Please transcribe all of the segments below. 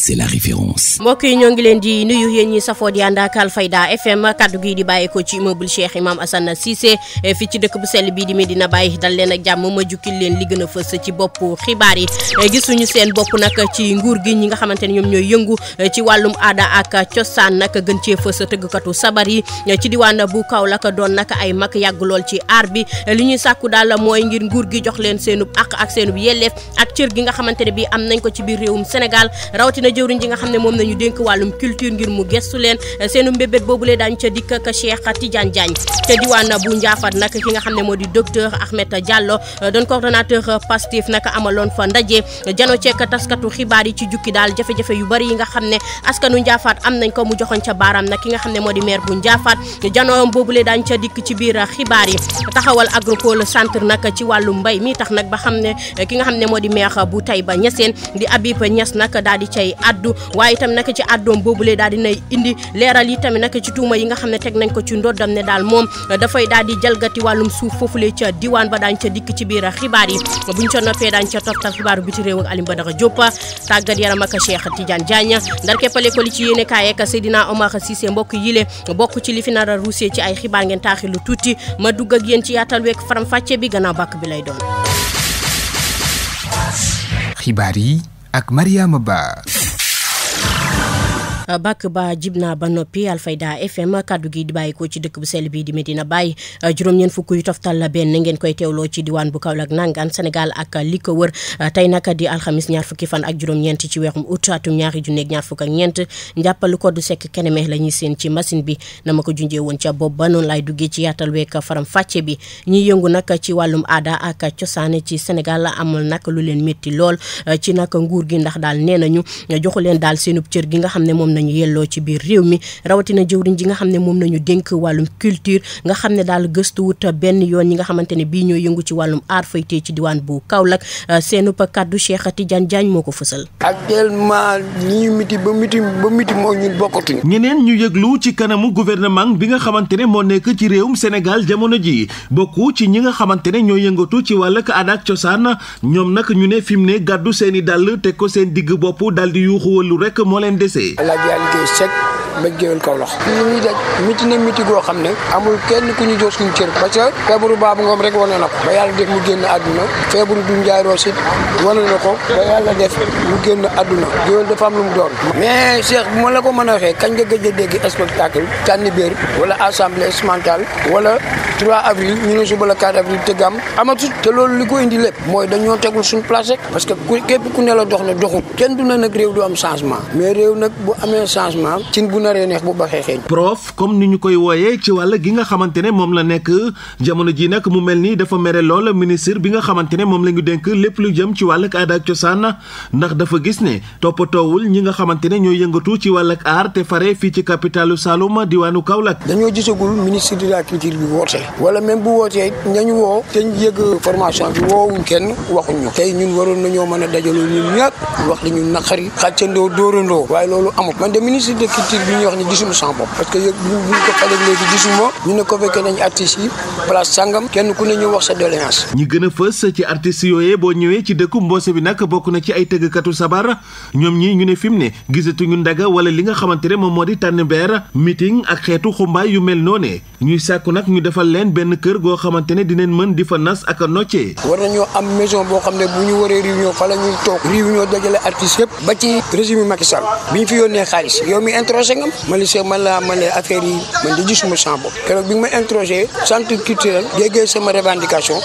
c'est la référence. mbokk yi ñoo ngi leen di nuyu yéen ñi safoo di ànd ak Alfayda FM kaddu gi di bàyyeekoo ci immeuble Cheikh Imam Assane Cissé eh, fii ci dëkk bu sell bii di Medina Baye dal leen ak jàmm ma jukkil leen li gën a fës ci bopp xibaar yi eh, gisuñu seen bopp nag ci nguur gi ñi nga xamante ne ñoom ñooy yëngu eh, ci wàllum aada ak cosaan nag gën cee fës tëggkatu sabar yi ci diwaan bu kaw Kaolack doon nag ay mag yàgg lool ci aar bi li ñuy sàkku daal mooy ngir nguur gi jox leen seenub ak seenub yelleef ak cër gi la jëwriñ ji nga xam ne moom nañu dénk wàllum culture ngir mu gestu leen seenu mbébét boobule daañu ca dikk ak Cheikh Tidiane ca diwaan bu Ndiaffate nag ki nga xam ne moo di docteur Ahmed Diallo doon coordonnateur Pastef nag amaloon fa ndaje jano ceek taskatu yi ci jukki daal jafe-jafe yu bari yi nga xam ne askanu Ndiaffate am nañ ko mu joxoon ca baaraam nag ki nga xam ne moo di bu Ndiaffate janoom boobule daañu ca dikk ci biir xibaar yi taxawal agropole centre mi tax nag ba xam ne ki nga xam ne di maire bu Taïba Niassène di Habib Niass nag daal di cay addu waaye itam naka ci boobu boobulee daal dinay indi leeral yi tamit naka ci tuuma yi nga xam ne teg nañ ko ci ndoddam ne daal moom dafay daal di jalgati wàllum suuf foofu foofulee ca diwaan ba daañ ca dikk ci biir xibaar yi buñ ca noppee daañ ca toftal xibaaru biti réew ak Alioune Badara Diop tàggat yaram ak Cheikh Tidiane Diagne ndar keppale ko li ci yéene kaay ak Seydina Omar Cissé bokk ci li fi nar a ci ay xibaar ngeen taaxi lu tuuti ma dugg ak yéen ci yaatal week faram fàcce bi gannaaw bàkk bi lay doon yi ak Mariama bàkk ba jib naa ba noppi Alfayda FM kàddu gi di bàyyi ko ci dëkk bu sell bi di Medina Baye juróom-ñeent fukk yu toftal la benn ngeen koy teewloo la ñuy ma ko junjee woon ca bopp ba noonu laay duggee ci yaatal week faram fàcce bi ñiy yëngu nag ci lool ci nag nguur gi ndax daal nee nañu joxu leen daal seenub cër gi nga xam ne moom nañu yelloo ci biir réew mi rawatina jëwriñ ji nga xam ne moom nañu dénk wàllum culture nga xam ne daal gëstuwut benn yoon ñi nga xamante ne bii ñooy yëngu ci wàllum aar faytee ci diwaan bu Kaolack euh, seenu pa kaddu Cheikh Tidiane Diagne moo ko fësal actuellement li ñu miti miti ba miti moo ñeneen ñu yëglu ci kanamu gouvernement bi nga xamante ne moo nekk ci réewum Sénégal jamono ji bokku ci ñi nga xamante ne ñoo yëngatu ci wàll aada ak cosaan ñoom nag ñu ne fi mu ne gàddu seen dàll teg ko seen digg bopp dal di yuuxu moo leen desee Diallo Guèye Seck ba géwél Kaolack li ñuy daj miti na miti goo xam ne amul kenn ku ñu jox suñu cër parce que feebaru baabu ngoom rek wane na ko ba yàlla def mu génn àdduna feebaru du njaay roosit wane na ko am lu mu doon mais Cheikh bu ma la ko mën a waxee kañ ga gëj a dégg spectacle tànni béer wala assemblée expérimentale wala 3 avril ñu ne suba la 4 avril tëggam amatut te loolu li ko indi lépp mooy dañoo tegul suñu place rek ku képp ku ne la dox na doxut kenn du na nag réew du am changement mais réew nag bu amee changement cin bu ne naree neex bu baxee prof comme ni ñu koy wooyee ci wàll gi nga xamante ne moom la nekk jamono ji nag mu mel ni dafa mere loola ministre bi nga xamante ne moom la ñu dénk lépp lu jëm ci wàllug aada ak cosaan ndax dafa gis ne toppatoowul ñi nga xamante ne ñooy yëngatu ci wàllug aar te fare fii ci capitalu Saloum diwaanu Kaolack. dañoo gisagul ministre de la culture bi wootee wala même bu wootee nañu woo. te ñu yëg formation bi woowu kenn waxuñ ñu. tey ñun waroon nañoo mën a dajaloo ñun ñëpp wax li ñu bi ñuy wax ni gisuñu sama bopp parce que yëg bu ñu ko xaleeg léegi gisuma ñu ne ko fekkee nañ artistes yi place sàngam kenn ku ne ñu wax sa doléance ñi gën a fës ci artistes yooyee boo ñëwee ci dëkku mboose bi nag bokk na ci ay tëggkatu sabar ñoom ñi ñu ne fi mu ne gisatuñu ndaga wala li nga xamante ne moom moo di tànn beer meeting ak xeetu xumbaay yu mel noonee ñuy sàkku nag ñu defal leen benn kër goo xamante ne dinañ mën di fa nas ak a noccee war nañoo am maison boo xam ne bu ñu waree réunion fa la ñuy toog réunion dajale artistes yëpp ba ci régime Macky Sall bi nangam ma ne se man laa man ne affaire yi ma interrogé centre culturel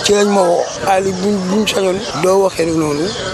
ci lañ ma woo ali bu buñ sañoon doo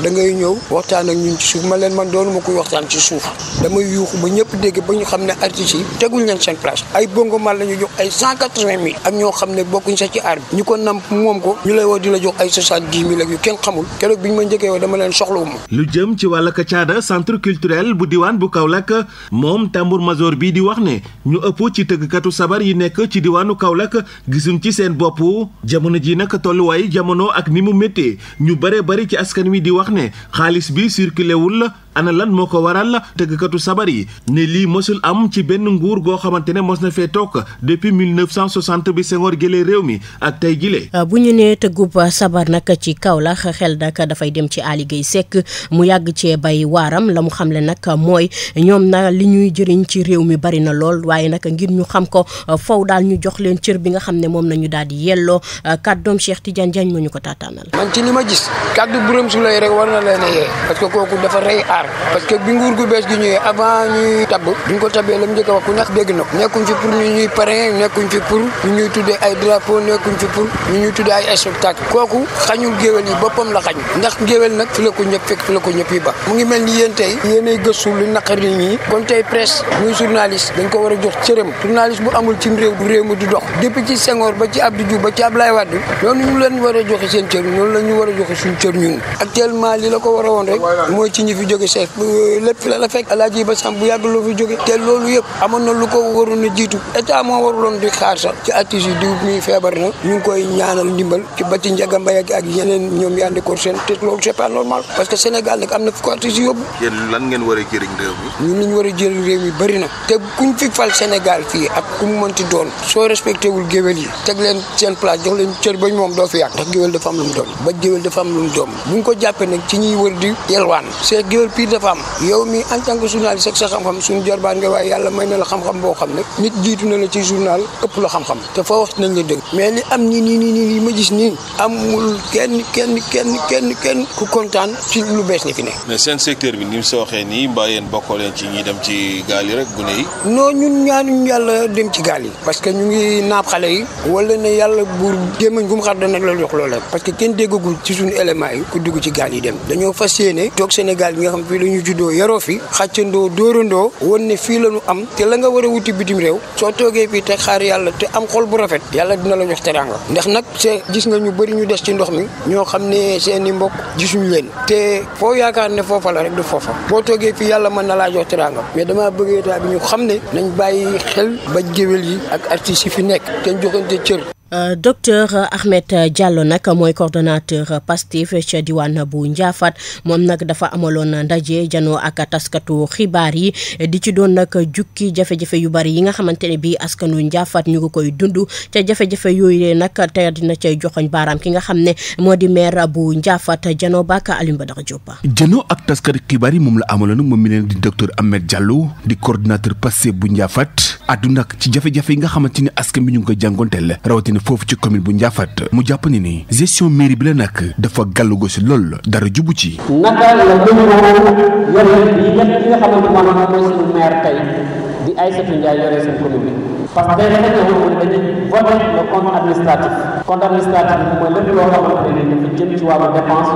da ngay ñëw waxtaan ak ñun ci ma leen man doonu ma koy waxtaan ci suuf damay yuuxu ba ñëpp dégg ba ñu xam ne artistes yi tegul leen seen place ay bongo mal la ñu jox ay cent quatre-vingt xam ne bokkuñ sax ci aar bi ñu ko ñu lay woo di la jox ay soixante-dix mille ak yu kenn xamul keroog bi ñu ma njëkkee woo dama leen soxlawu ma lu jëm ci wàllug caada centre culturel bu diwaan bu Kaolack moom Tambour major bii di wax ne ñu ëpp ci tëggkatu sabar yi nekk ci diwaanu Kaolack gisuñ ci seen bopp jamono ji nag tolluwaay jamono ak ni mu méttee ñu bare bari ci askan wi di wax ne xaalis bi circulé wul ana lan moo ko waral tëggkatu sabar yi ne lii mosul am ci benn nguur goo xamante ne mos na fee toog depuis 1960 bi Senghor jëlee réew mi ak tey jile. Ah, bu ñu nee tëggub sabar nag ci Kaolack xel nag dafay dem ci Ali sekk mu yàgg cee bay waaram la mu xamle nag mooy ñoom na li ñuy jëriñ ci ci réew mi bari na lool waaye nag ngir ñu xam ko euh, faw daal ñu jox leen cër bi nga xam ne moom nañu daal di yelloo euh, kàddoom Cheikh Tidiane Diagne moo ñu ko taataanal man ci li ma gis kàddu Birame Souleye rek war na leen a yee parce que kooku dafa rey aar parce que bi nguur gu bees gi ñëwee avant ñuy tabb duñ ko tabbee la mu njëkk a wax ku nekk dégg na nekkuñ fi pour ñu ñuy parrain nekkuñ fi pour ñu ñuy tuddee ay drapeau nekkuñ fi pour ñu ñuy tuddee ay spectacle kooku xañul géwél yi boppam la xañ ndax g nag fi la ko ñëpp ko ñëpp ba mu ngi muy dañ ko war a jox cërëm journaliste bu amul cim réew du réew mi du dox depuis ci Senghor a a euh, lu ko waroon a jiitu état moo waruloon di xaar sax am na fi ko artiste yóbbu yéen lan ngeen war a jëriñ ñun li war a jëriñ réew mi bëri nag te kuñ fi fal Sénégal fii ak kuñ mënti doon soo respecté géwél yi teg leen seen place jox leen cër bañ moom doo fi yàgg ndax mu doon ba géwél dafa am lu mu doon ne la ci journal ëpp la xam-xam te foo wax nañ la dëgg mais li am nii nii nii nii ma gis nii amul kenn kenn kenn kenn kenn ku kontaan ci lu bees ni fi ne mais seen secteur bi ni mu sooxee nii mbaa bokkoo leen ci ñi dem ci gaal yi rek gune yi. non ñun ñaanuñ yàlla dem ci gaal yi. parce que ñu ngi naab xale yi. wala ne yàlla buur gémmañ gu mu xar dana la jox loola. parce que kenn déggagul ci suñu élément yi ku dugg gaal yi dem dañoo fas yéene toog Sénégal yi nga xam fii la ñu juddoo yaroo fi xàccandoo dóorandoo woon ne fii la ñu am la nga war a wuti bitim réew soo toogee fii te xaar yàlla te am xol bu rafet yàlla dina la jox teranga ndax nag c'est gis nga ñu bëri ñu des ci ndox mi ñoo xam ne seen i mbokk gisuñu leen te foo yaakaar ne foofa la rek du boo toogee fii yàlla mën na laa jox bi ñu xam ne nañ bàyyi xel ba géwél yi ak artistes yi fi nekk dañ joxante cër Euh, docteur Ahmed Diallo nag mooy coordonnateur Pastef ca diwaan bu Ndiafat moom nag dafa amaloon ndaje janoo ak taskatu xibaar yi di ci doon nag jukki jafe-jafe yu bari yi nga xamante ne bii askanu Ndiafat ñu ngi koy dund te jafe-jafe yooyu nag te dina cay joxoñ baaraam ki nga xam ne moo di maire bu Ndiafat janoo ba ak Alioune Badara Diop. janoo ak taskatu xibaar yi moom la amaloon moom mi leen di docteur Ahmed di coordonnateur Pastef bu Ndiafat àdduna ak ci jafe yi nga xamante ni askan bi ñu ngi koy jàngonteel rawatina foofu ci commune bu Ndiaffate mu jàpp ni ni gestion mairie bi la nag dafa gàllu go si dara jubu ci naka la gënu yore bi yépp nga xamante maanaam bi parce que bi mooy lépp ne dafa jëm ci wàllu dépense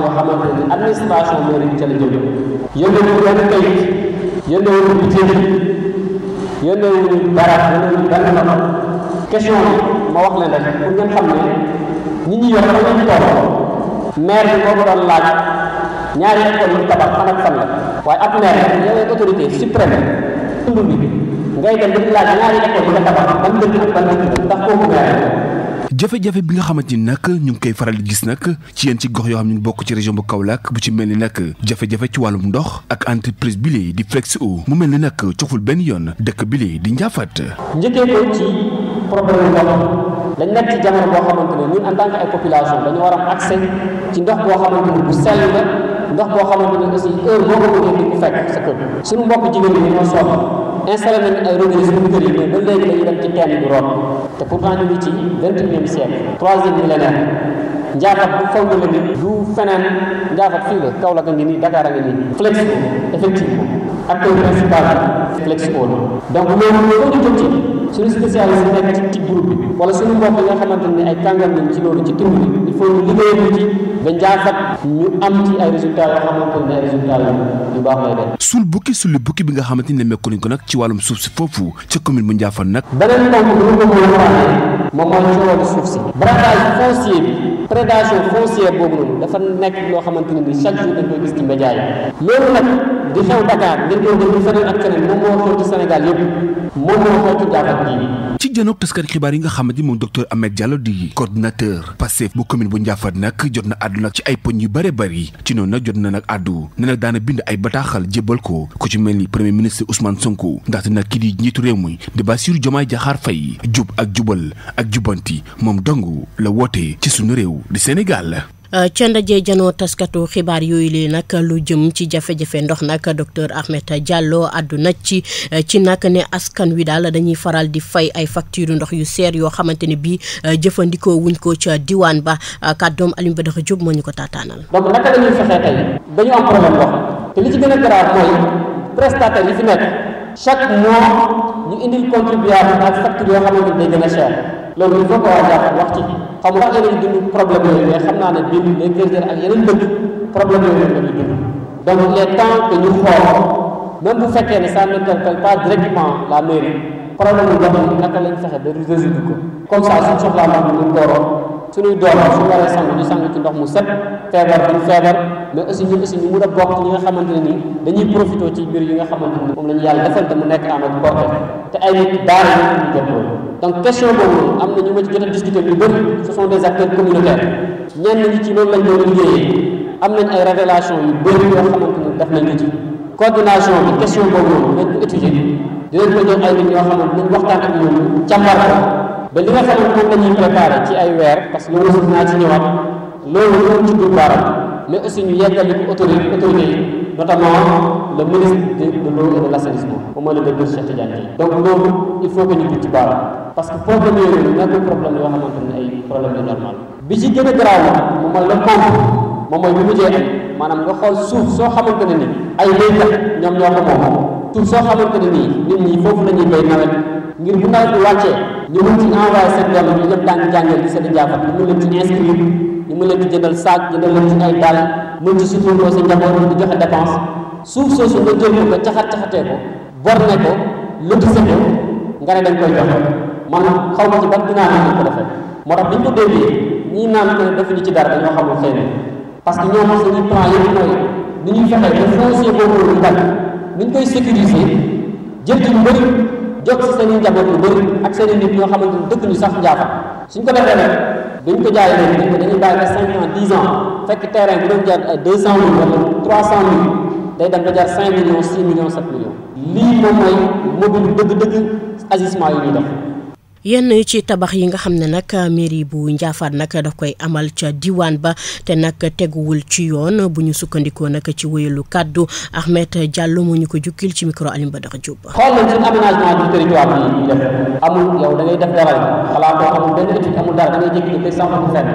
yoo xamante question bi ma wax leen rek pour ngeen xam ne ñi ñu yor dafa leen toog maire bi moo ko laaj ñaari école yu tabax fan ak fan la waaye ak maire yooyu autorité suprême dund bi ngay dem di laaj ñaari école yu tabax ban dëkk ak dëkk ndax kooku maire jafe-jafe bi nga xamante ni nag ñu ngi koy faral di gis nag ci yéen ci gox yoo xam ñu bokk ci région bu Kaolack bu ci mel ni nag jafe-jafe ci wàllum ndox ak entreprise bi lee di Flexo mu mel ni nag coful benn yoon dëkk bi di njaafaat problème ndox dañ nekk ci jamono boo xamante ne ñun en tant que ay population dañu war am accès ci ndox boo xamante ne bu sell la ndox boo xamante ne aussi heure boo ko bëggee di ko fekk sa kër suñu mbokk jigéen ñi ñoo la nit du feneen njaafat la Kaolack a ngi nii Dakar a ngi nii flex principal flex donc loolu foo ñu jot ci suñu spécialiste nekk ci groupe bi wala suñu mbokk yi nga xamante ne ay kàngam ci loolu ci tund bi il faut ñu liggéey ci ba njaaxat ñu am ci ay résultats yoo xamante ne ay résultats yu bukki suul bukki bi nga xamante ne mekku ko nag ci wàllum suuf si foofu ci commune bu Ndiaffane nag. beneen tomb bi ñu ko mën moom nekk loo xamante ne ni chaque jour dañ koy gis moo xew ci Sénégal yëpp. moom moo moytu jàppal xibaar yi nga xamante ni moom docteur Ahmed Diallo di coordinateur Pastef bu commune bu Ndiaffate nag jot na àddu nag ci ay poñ yu bare bari ci noonu nag jot na nag àddu ne nag daana bind ay bataaxal jébbal ko ku ci mel ni premier ministre Ousmane Sonko ndaxte nag kii di njiitu réew mi di Bassirou Diomaye jaxaar fay jub ak jubal ak jubanti moom dong la woote ci suñu réew di Sénégal Euh, ca ndaje janoo taskatu xibaar yooyu lee nag lu jëm ci jafe-jafe ndox nag docteur Ahmed jàlloo àdduna ci euh, ci nag ne askan wi daal dañuy faral di fay ay facture ndox yu seer yoo xamante ne bii euh, jëfandikoo wuñ ko ca diwaan ba kàddoom Alioune Badara Diop moo ñu ko taataanal. donc naka la fexee tey dañu am problème ndox te li ci gën a grave mooy prestataire yi fi nekk. chaque mois ñu indil contribuable ak facture yoo xamante ni day gën a cher loolu il faut que waa jàpp wax ci xamu wax problème yooyu mais xam naa ne bind les critères ak yeneen dëkk problème yooyu la ñu dund donc les temps que ñu xool même bu fekkee ne ça n'interpelle pas directement la mairie problème yu ndox mi naka lañ fexe ba résoudre ko comme ça suñ soxlaa moom ñu ngi suñuy doom su waree sangu ñu sangu ci ndox mu set feebar buñ feebar mais aussi ñun aussi ñu mun a bokk ñi nga xamante ne nii dañuy profité ci mbir yi nga xamante ne moom la ñu yàlla defal te mu nekk amat porte te ay nit question ma jot a discuter lu bëri ce sont des acteurs communautaires ñenn ñi ci loolu lañ doon liggéeyee am nañ ay révélation yu bëri yoo xamante ne def nañ ko ci coordination bi question boobu noonu dañ ko étudier dinañ ko jox ay nit yoo xamante nañ waxtaan ko ba li nga xam ne moom la ñuy préparé ci ay weer parce que loolu aussi naa ci ñëwaat loolu moom ci dugub baaram mais aussi ñu yeggali ko autorité autorité yi notamment le ministre de l'eau et de l'assainissement moom mooy le docteur Cheikh Tidiane Dièye donc loolu il faut que ñu dugg ci baaram parce que problème yooyu nekkul problème yoo xamante ne ay problème yu normal bi ci gën a garaaw nag moom mooy le pompe moom mooy bi mujjee am maanaam nga xool suuf soo xamante ne ni ay béykat ñoom ñoo ko moom suuf soo xamante ne nii nit ñi foofu la ñuy béy nawet ngir bu nawet bi wàccee ñu mën ci envoyé seen doom ñu ñëpp daan jàngee di seen jaafat ñu mën leen ci inscrire ñu mën leen ci jëndal saak jëndal leen ci ay dàll mën ci sa njaboot di joxe dépense suuf soosu ko caxat caxatee ko borne dañ koy joxe man ma ci ban dinaa ne ko moo tax bi ñu ko déggee ñii naan ko ñu ci dara dañoo xamul xëy na parce que ñoo mos suñu plan yëpp mooy ni ñuy fexe ba foncier boobu ñu bañ ni ñu koy sécuriser jël ci mbëri jot si seen i njaboot lu bëri ak seen i nit ñoo xamante ni dëkk ñu sax njaafa suñ ko defee nag duñ ko dañ ko dañuy bàyyi ba cinq ans dix ans fekk terrain bi doon jar ay deux cent mille wala trois cent mille day dem ba jar cinq millions six millions sept millions lii mooy mobile dëgg-dëgg agissement yi ñuy def yenn ci tabax yi nga xam ne nag euh, mairie bu Ndiaffate nag daf koy amal ca diwaan ba te nag teguwul ci yoon bu ñu sukkandikoo nag ci wéyalu kàddu Ahmed Diallo moo ñu ko jukkil ci micro ba Badara Diop. xool nañ seen aménagement du territoire bi amul yow da def dara xalaatoo amul benn étude amul dara da ngay jékki-jékki samp bu fenn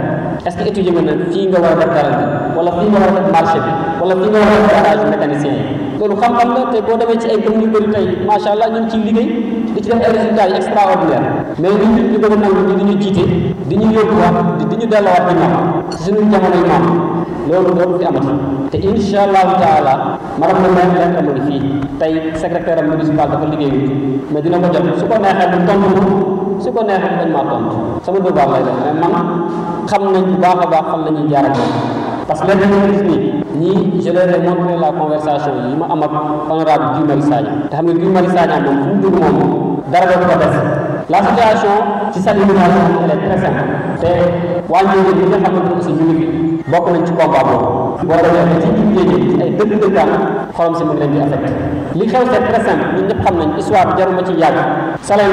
est-ce fii nga war a def dara bi wala fii nga war a def marché bi wala fii nga war a def garage mécanicien yi. loolu xam-xam la te boo demee ci ay communes yu bëri tey macha allah ñu ngi liggéey di ci def ay résultats yu extraordinaire mais nit ñu bëgg a di ñu jiite di ñu yóbbuwaat di ñu delluwaat ñu maam ci suñu jamonoy maam loolu dootu fi amati te incha allahu taala madame le maire leen amoon fii tey secrétaire municipal dafa liggéeyu mais dina ko jot su ko neexee bu tontu su ko neexee dañ maa tontu sama devoir lay def mais man xam nañ baax baax xam jaar ak parce ñii je leur ai montré la conversation yi ma am ak honorable Guy Marius Sagna te xam ne Guy Marius Sagna moom fu mu dugg moom dara la situation ci sa élimination bi elle est très simple te waa bi nga xamante ne si ñu ngi bokk nañ ci combat boobu boo demee ci la géej gi ci ay dëkk dëkkaan xorom si mu li xew c'est très simple ñun ci yàgg sa yi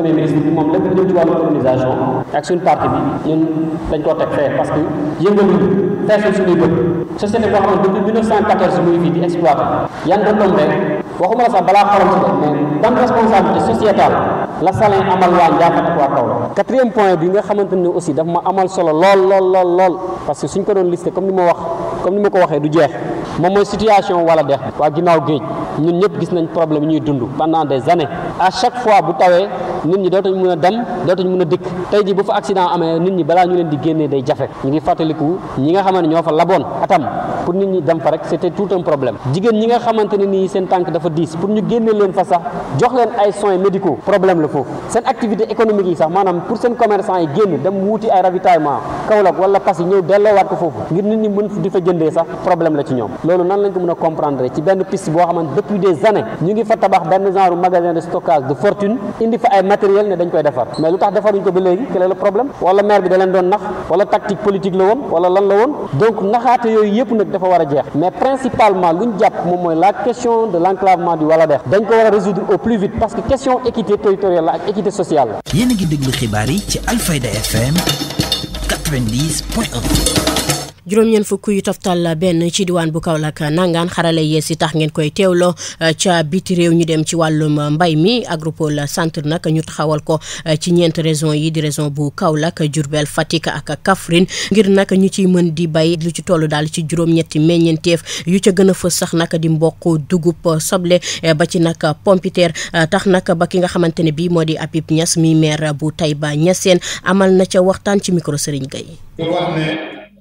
bi moom lépp lu jëm ci wàllu colonisation ak suñu parti bi ñun dañ koo teg fee parce que yëngal feesul suñuy bët société boo xam ne depuis 1914 muy fii di exploité rek waxuma la sax balaa xorom si de mais tam responsabilité sociétale la Salin amal waa Ndiakhate ak waa Kaolack quatrième point bi nga xamante ne aussi daf ma amal solo lool lool lool lool parce que suñ ko doon listé comme ni ma wax comme ni ma ko waxee du jeex moom mooy situation wala dex waa ginnaaw géej ñun ñëpp gis nañ problème ñuy dund pendant des années à chaque fois bu tawee nit ñi dootuñ mën a dem dootuñ mën a dikk tey ji bu fa accident amee nit ñi balaa ñu leen di génnee day jafe ñu ngi fàttaliku ñi nga xamante ne ñoo fa laboon atam pour nit ñi dem fa rek c'était tout un problème jigéen ñi nga xamante ne nii seen tànk dafa diis pour ñu génne leen fa sax jox leen ay soins médicaux problème la foofu seen activité économique yi sax maanaam depuis des années ñu ngi fa tabax benn genre magasin de stockage de fortune indi fa ay matériel ne dañ koy defar mais lu tax defaruñ ko ba léegi quel est problème wala maire bi da doon nax wala tactique politique la woon wala lan la woon donc naxaate yooyu yëpp nag dafa war a jeex mais principalement lu ñu jàpp moom mooy la question de l'enclavement du Waladekh dañ ko war a résoudre au plus vite parce que question équité territoriale la ak équité sociale a ngi juróom-ñeent fukk yu toftal benn ci diwaan bu Kaolack nangaan xarale yees yi tax ngeen koy teewloo eh, ca biti réew ñu dem ci wàllum eh, mbay mi la centre nag ñu taxawal ko eh, ci ñeent régions yi di région bu Kaolack Diourbel Fatick ak Kaffrine ngir naka ñu ci mën di bay lu ci toll daal ci juróom-ñetti meññeenteef yu ca gën a fës sax nag di mboq dugub soble ba ci nag pompiteer tax nag ba ki nga xamante ne bii moo di Habib ñas mi maire bu Taïba Niassène amal na ca waxtaan ci micro Serigne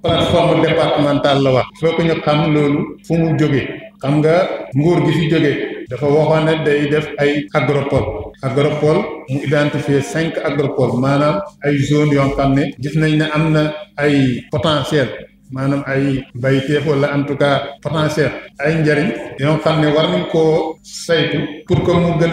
plateforme départementale la wax foo ko ñu xam loolu fu mu jógee xam nga nguur gi fi jógee dafa waxoon ne day def ay agropole agropole mu identifier cinq agropole maanaam ay zone yoo xam ne gis nañ ne am na ay potentiel maanaam ay bayteef wala en tout cas potentiel ay njariñ yoo xam ne war nañ koo saytu pour que mu gën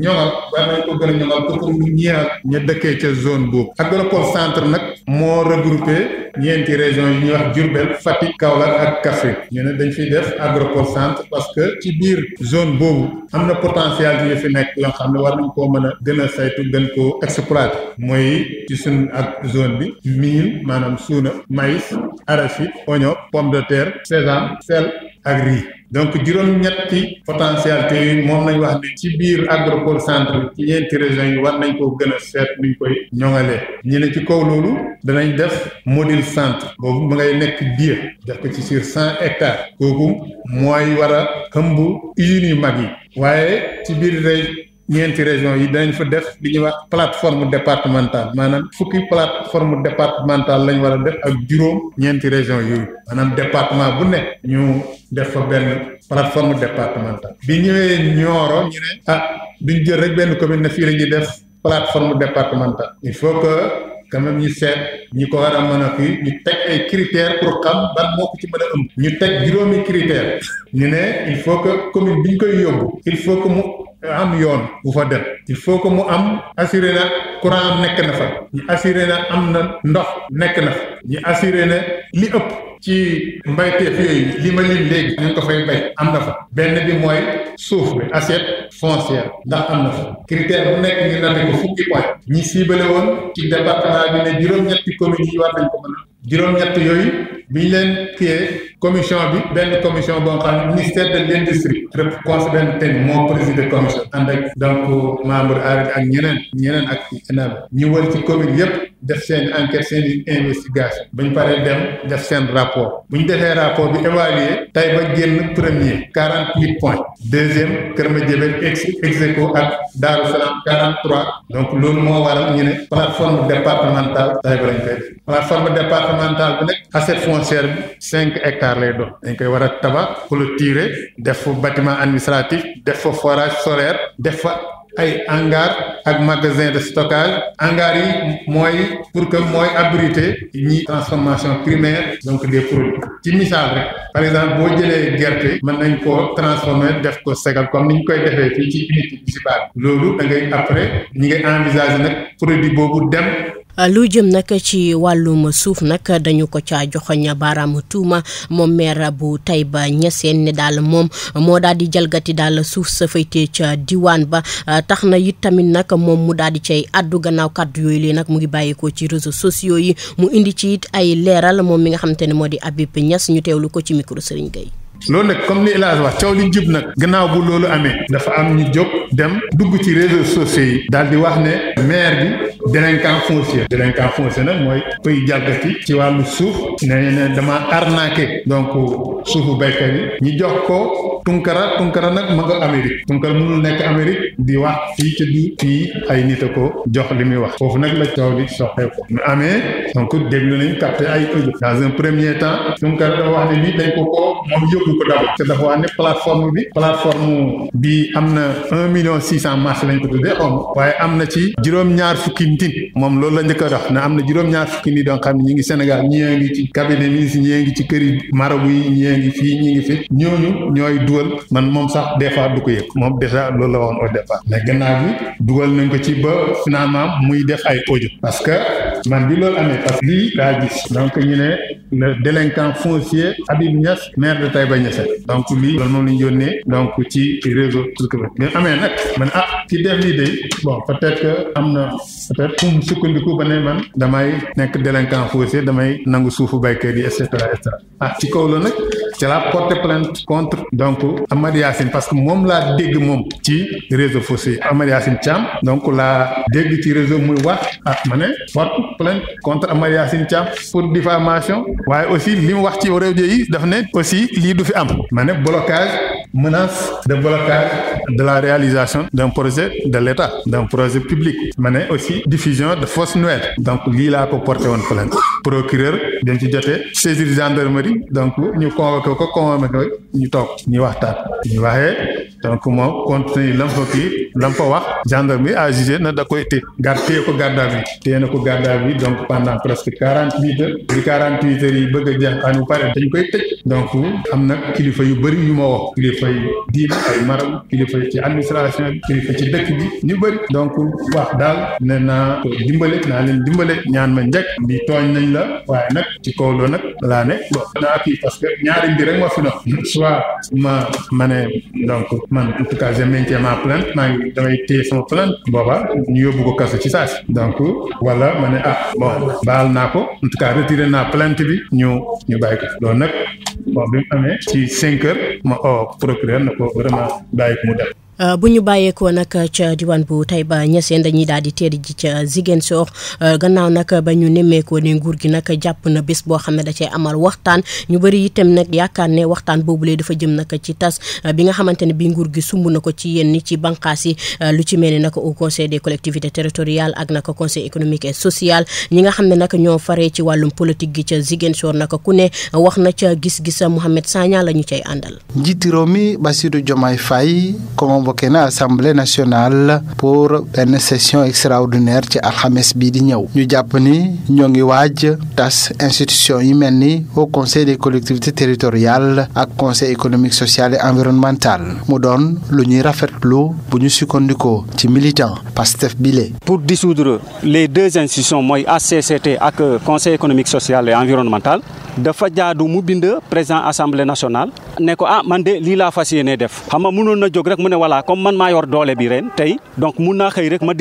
ñoŋal war nañ ko gën a ñoŋal ko pour mu ñeexal ña dëkkee ca zone boobu agropole centre nag moo regroupé ñeenti région yi ñuy wax Diourbel Fatick Kaolack ak Kaffrine ñu ne dañ fi def agropole centre parce que ci biir zone boobu am na potentiel yu fi nekk yoo xam ne war nañ koo mën a gën a saytu gën koo exploiter mooy ci suñ ak zone bi mil maanaam suuna maïs arachide oño pomme de terre sésame sel ak riz donc juróom-ñetti potentialité yooyu moom lañ wax ne ci biir agropole centre ci ñeenti régions yi war nañ koo gën a seet nuñ koy ñoŋalee ñu ne ci kaw loolu danañ def module centre boobu mu ngay nekk biir def ko ci sur cent hectares kooku mooy war a xëmb usines yu mag yi waaye ci biir ré ñeenti région yi dañ fa def li ñu wax plateforme départementale maanaam fukki plateforme départementale lañu war a def ak juróom ñeenti région yooyu maanaam département bu nekk ñu def fa benn plateforme départementale bi ñëwee Nioro ñu ne ah duñ jël rek benn commune na fii la ñuy def plateforme départementale il faut que quand même ñu seet ñi ko war a mën a kii ñu teg ay critères pour xam ban moo ko ci mën a ëmb ñu teg juróomi critères ñu ne il faut que commune bi ñu koy yóbbu il faut que mu am yoon bu fa dem il faut que mu am assuré na courant nekk na fa ñu assuré na am na ndox nekk na fa ñu assuré na li ëpp ci mbayteef yooyu li ma léegi ñu ko fay am na fa benn bi mooy suuf bi assiette foncière ndax am na fa critère bu nekk ñu natte ko fukki point ñi siibale woon ci département bi ne juróom-ñetti communes yi war nañ ko mën a juróom-ñett yooyu bi ñu leen kiyee commission bi benn commission boo xam ne ministère de l' industrie ten moo présider commission ànd donc membre ARED ak ñeneen ñeneen ak ENAB ñu wër ci commune yëpp def seen enquête seen investigation bu ñu paree dem def seen rapport bu ñu defee rapport bi évalué tey ba génn premier quarante huit points deuxième Kër Madiabel ex execo ak Darou Salam quarante trois donc loolu moo waral ñu ne plateforme départementale Taïba foncière bi cinq hectares lay doon dañ koy war a tabax clôturer def fa bâtiment administratif def fa forage solaire def fa ay hangar ak magasin de stockage hangar yi mooy pour que mooy abriter ñi transformation primaire donc de produits ci misaal rek par exemple boo jëlee gerte mën nañ ko transformer def ko segal comme ni ñu koy defee fii ci unité municipale loolu da après ñi ngay envisager nag produit boobu dem Ah, lu jëm nag ci wàllum suuf nag dañu ko caa joxoñ baaraam tuuma moom maire bu tey ba Niassène ne daal moom moo daal di jalgati daal suuf sa faytee ca diwaan ba ah, tax na yit tamit nag moom mu daal di cay addu gannaaw kàddu yooyu lii nag mu ngi bàyyeekoo ci réseaux sociaux yi mu indi ci it ay leeral moom mi nga xamante ne moo di Habib Niass ñu teewlu ko ci micro Serigne Gueye loolu nag comme li El wax coow li jub nag gannaaw bu loolu amee dafa am ñu jóg dem dugg ci réseaux sociaux yi daal di wax ne maire bi délinquant foncier délinquant foncier nag mooy koy jalgati ci wàllu suuf nee ne dama arnaqué donc suufu béykat yi ñu jox ko tunkara tunkara nag ma nga Amérique tunkara nekk Amérique di wax fii ca di fii ay nit a ko jox li muy wax foofu nag la coow li soxee ko mu amee donc déglu nañ capté ay audio dans un premier temps tunkara dafa wax nii wutuñ ko dabu te dafa waa ne plateforme bi plateforme bi am na un million six cent marché lañ ko tuddee xom waaye am na ci juróom-ñaar fukki nit moom loolu la njëkk a dox na am na juróom-ñaar fukki nit doo xam ne ñi ngi Sénégal ñi ngi ci cabinet ministre ñi ngi ci këri marabu yi ñi ngi fii ñi ngi fi ñooñu ñooy dugal man moom sax des fois du ko yëg moom déjà loolu la waxoon au départ mais gannaaw bi dugal nañ ko ci ba finalement muy def ay audio parce que man bi loolu amee parce que lii daa gis donc ñu ne le délinquant foncier Habib Niass maire de ba Niassène donc lii loolu moom la yónnee donc ci réseau Souskëbé bi amee nag man ah ci def lii day bon peut-être que am na peut-être fu mu sukkandiku ba ne man damay nekk délinquant foncier damay nangu suufu baykat yi et cetera et cetera ah ci kaw la nag ci la porté plainte contre donc Amady parce que moom laa dégg moom ci réseau fossé Amady Yacine Thiam donc laa dégg ci réseau muy wax ah ma ne porte plainte contre Amady Yacine Thiam pour diffamation waaye aussi li mu wax ci réew yi daf ne aussi lii du fi am ma ne blocage menace de blocage de la réalisation d'un projet de l'État d'un projet public ma ne aussi diffusion de fausses nouvelles donc lii laa ko porté woon plainte procureur dañ ci jotee saisir gendarmerie donc ñu convoqué ko convoqué ñu toog ñu waxtaan ñu waxee donc moom compte tenu la mu fa kii la mu wax gendarme bi a na da koy téye gar téye ko garde à vue téye na ko garde à vue donc pendant presque quarante huit heures bi quarante huit yi bëgg a jeex anu pare dañ koy tëj donc am na kilifa yu bëri yu ma wax kilifa yu diin ay marabu kilifa ci administration bi kilifa ci dëkk bi ñu bëri donc wax daal ne naa ko dimbale naa leen dimbale ñaan ma njëkk bi tooñ nañ la waaye nag ci kaw loo nag laa ne naa kii parce que ñaari mbir rek ma fi ma ma ne man en tout cas je maintiens ma plainte maa ngi damay téye sama plainte booba ñu yóbbu ko kaso ci saasi donc wala ma ne ah bon baal naa ko en tout cas retiré naa plainte bi ñu ñu bàyyi ko nag bon bi mu amee ci cinq ma oo procureur na ko vraiment bàyyi ko mu def Euh, bu ñu bàyyeekoo nag ca diwaan bu Taïba Niassène dañuy daal di teeri ji ca Ziguinchor euh, gannaaw nag ba ñu nemmeekoo ne nguur gi nag jàpp na bés boo xam ne da cee amal waxtaan ñu bëri itam nag yaakaar ne waxtaan boobulee dafa jëm nag ci tas euh, bi nga xamante ne bi nguur gi sumb na ko ci yenn ci bànqaas yi lu ci mel ni nag au conseil des collectivités territoriales ak nag économique social ñi nga xam ne nag ñoo faree ci wàllum politique gi ca Ziguinchor nag ku ne wax na ca gis-gisa Mouhamed Sagna lañu cay àndal. njiiti réew mi Bassirou Diomaye Faye convoqué na assemblée nationale pour benn session extraordinaire ci alxames bi di ñëw ñu jàpp ni ñoo ngi waaj tass institution yi mel ni au conseil des collectivité territoriales ak conseil économique social et environnemental mu doon lu ñuy rafetlu bu ñu sukkandikoo ci militant Pastef bile. pour dissoudre les deux institutions mooy HCCT ak conseil économique social et environnemental dafa jaadu mu bind président assemblée nationale ne ah man de lii laa voilà comme man maa yor doole bi ren tey donc mun naa xëy rek ma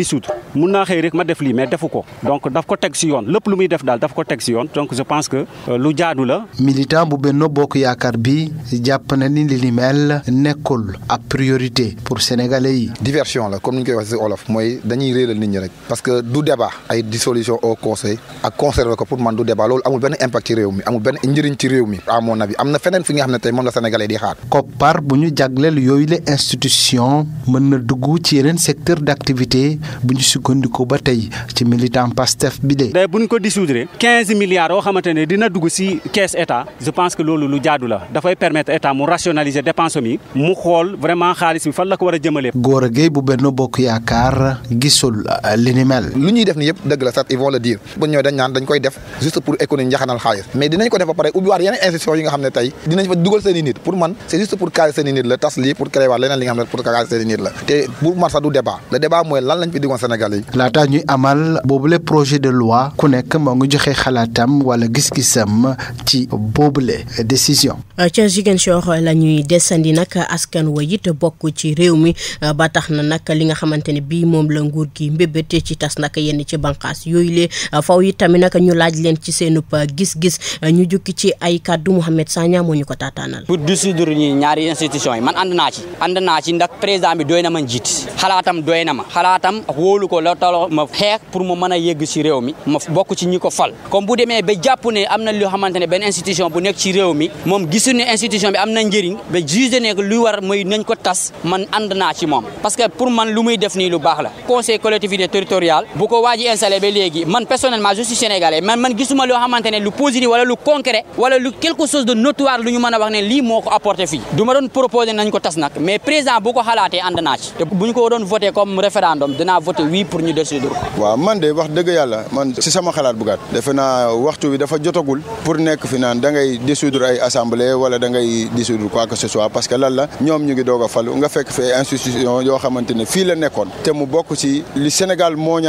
rek ma def lii mais defu ko donc daf ko teg si yoon lépp lu muy def daal daf ko teg si yoon donc je pense que euh, lu jaadu la. militant bu Benno Bokk Yaakaar bi jàpp na ni li ni mel nekkul ab priorité pour sénégalais yi. diversion la comme ni ñu koy wax si olof mooy dañuy réeral nit ñi rek parce que du débat ay dissolution au conseil ak conserver ko pour man du débat loolu amul benn impact ci réew mi amul benn njëriñ ci réew mi à mon na feneen fi nga xam ne tey moom di xaar. koppar bu ñu corruption mën na dugg ci yeneen secteur d'activité bu ñu sukkandikoo ba tey ci militant Pastef bi de. bu ñu ko dissoudre milliards yoo dina dugg ci caisse état je pense que loolu lu jaadu la dafay permettre état mu rationaliser dépense mi mu xool vraiment xaalis bi fan la ko war a jëmale. Gora Gueye bu benn bokk yaakaar gisul euh, li lu ñuy def ni yëpp dëgg la sax ils le dire bu ñëwee dañ naan dañ koy def juste pour économie njaxanal xaalis mais bagage seeni la te bu mar sax du débat le débat mooy lan lañ fi digoon Sénégal yi laata ñuy amal boobule projet de loi ku nekk moo ngi joxe xalaatam wala gis-gisam ci boobule décision Euh, ca Ziguinchor la ñuy desandi nag askan wa it bokk ci réew mi euh, ba tax na nag li nga xamante ne bii moom la nguur gi mbébét ci tas nag yenn ci banqaas yooyu le euh, faw yi tamit ñu laaj leen ci seenub gis-gis ñu jukki ci ay kàddu Mouhamed Sagna moo ñu ko taataanal. pour dissoudre ñi ñaari institution yi man and naa ci. ànd naa ci ndax président bi doy na ma njiit xalaatam doy na ma xalaatam woolu ko la taloo ma xeex pour mu mën a yegg si réew mi ma bokk ci ko fal comme bu ne am na loo ne benn institution ci réew mi moom gis suñu institution bi na njëriñ ba juge ne luy war mooy nañ ko tas man ànd naa ci moom parce que man lu muy def nii lu baax la conseil collectivité territoriale bu ko waa ji installé ba léegi man personnellement je suis sénégalais man man gisuma loo xamante lu positif wala lu concret wala lu quelque chose lu ñu mën a wax ne lii moo ko apporté fii du doon proposé nañ ko tas nag mais président bu ko xalaatee ànd naa ci te ko wax dëgg yàlla man si sama critiquer wala da ngay dissoudre quoi parce que lan ñoom ñu ngi doog a nga fekk fee institution yoo xamante fii la nekkoon te mu bokk ci li Sénégal moo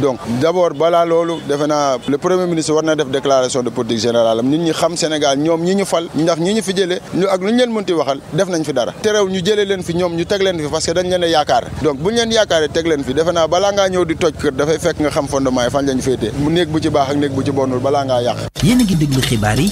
donc d' balaa loolu defe naa le premier ministre war def déclaration de politique générale am nit ñi xam Sénégal ñoom ñi ñu fal ndax ñi ñu fi jëlee ñu ak lu ñu mënti waxal def nañ fi dara te réew ñu jëlee leen fi ñoom ñu teg leen fi parce que dañ leen a yaakaar donc buñ leen yaakaaree teg leen bu ci baax yi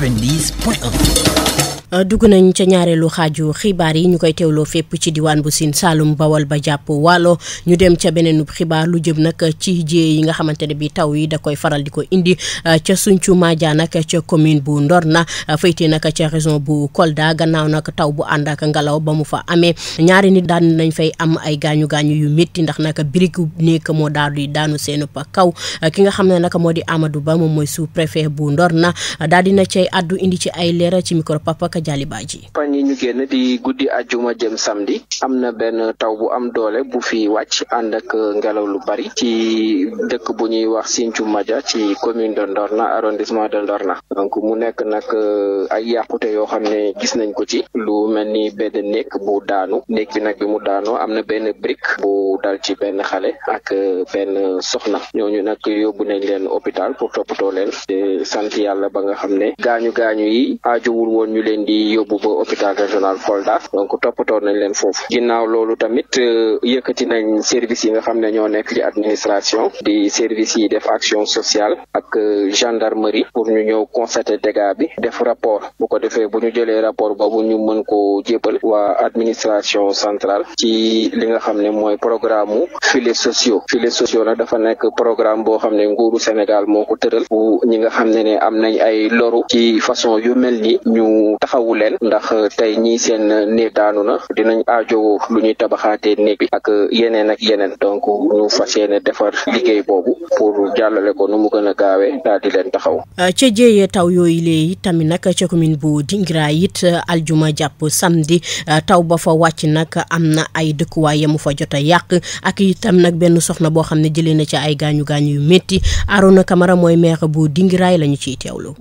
90 point 1 Euh, dugg nañ ca ñaareelu xaaju xibaar yi ñu koy teewloo fépp ci diwaan bu Sine Saalum Bawol ba jàpp Waalo ñu dem ca beneen xibaar lu jëm nag ci jiyee yi nga xamante ne bi taw yi da koy faral di ko indi euh, ca Sinthiou nag ca commune bu Ndorna euh, faytee nag ca région bu Kolda gannaaw nag taw bu ànd ak ngelaw ba mu fa amee ñaari nit daan nañ fay am ay gaañu gaañu yu métti ndax nag birig nekk moo daal di daanu seen kaw ki nga xam ne nag moo di Amadou Ba moom mooy sous préfet bu Ndorna daal dina cay addu indi ci ay leeral Isaka Dialli Badji fan di guddi ajuma jëm samdi am na benn taw bu am doole bu fi wàcc ànd ak ngelaw lu bari ci dëkk bu ñuy wax Sinthiou Madia ci commune de Ndorna arrondissement de Ndorna donc mu nekk nag euh, ay yàqute yoo xam ne gis nañ ko ci lu mel ni benn nékk bu daanu néeg bi nag mu daanoo am na benn brique bu dal ci benn xale ak euh, benn soxna ñooñu nag yóbbu nañ leen hôpital pour toppatoo leen sant yàlla ba nga xam ne gaañu gaañu yi aajowul woon ñu leen di yóbbu ba hôpital régional Kolda donc toppatoo nañ leen foofu ginnaaw loolu tamit euh, yëkkati nañ service yi nga xam ne ñoo nekk ci administration di service yi def action sociale ak euh, gendarmerie pour ñu ñëw constater dégâts bi def rapport bo ko defee bu ñu jëlee rapport boobu ñu mën ko jébal waa administration centrale ci li nga xam ne mooy programme mu filets sociaux filets sociaux nag dafa nekk programme boo xam ne nguuru Sénégal moo ko tëral bu ñi nga xam ne ne am taxawu leen ndax euh, tey ñii seen euh, néeg daanu na dinañ aajowu lu ñuy tabaxaatee néeg bi ak euh, yeneen ak yeneen donc ñu fas yéene defar liggéey boobu pour jàllale ko nu mu gën a gaawee di leen taxaw. ca jéeye taw yooyu it tamit nag ca commune bu Dingira it aljuma jàpp samedi taw ba fa wàcc nag am na ay dëkkuwaay yamu fa jot a yàq ak it itam nag benn soxna boo xam ne jëlee na ci ay gaañu gaañu yu métti Arona Camara mooy maire bu Dingiraay la ñu ciy teewlu.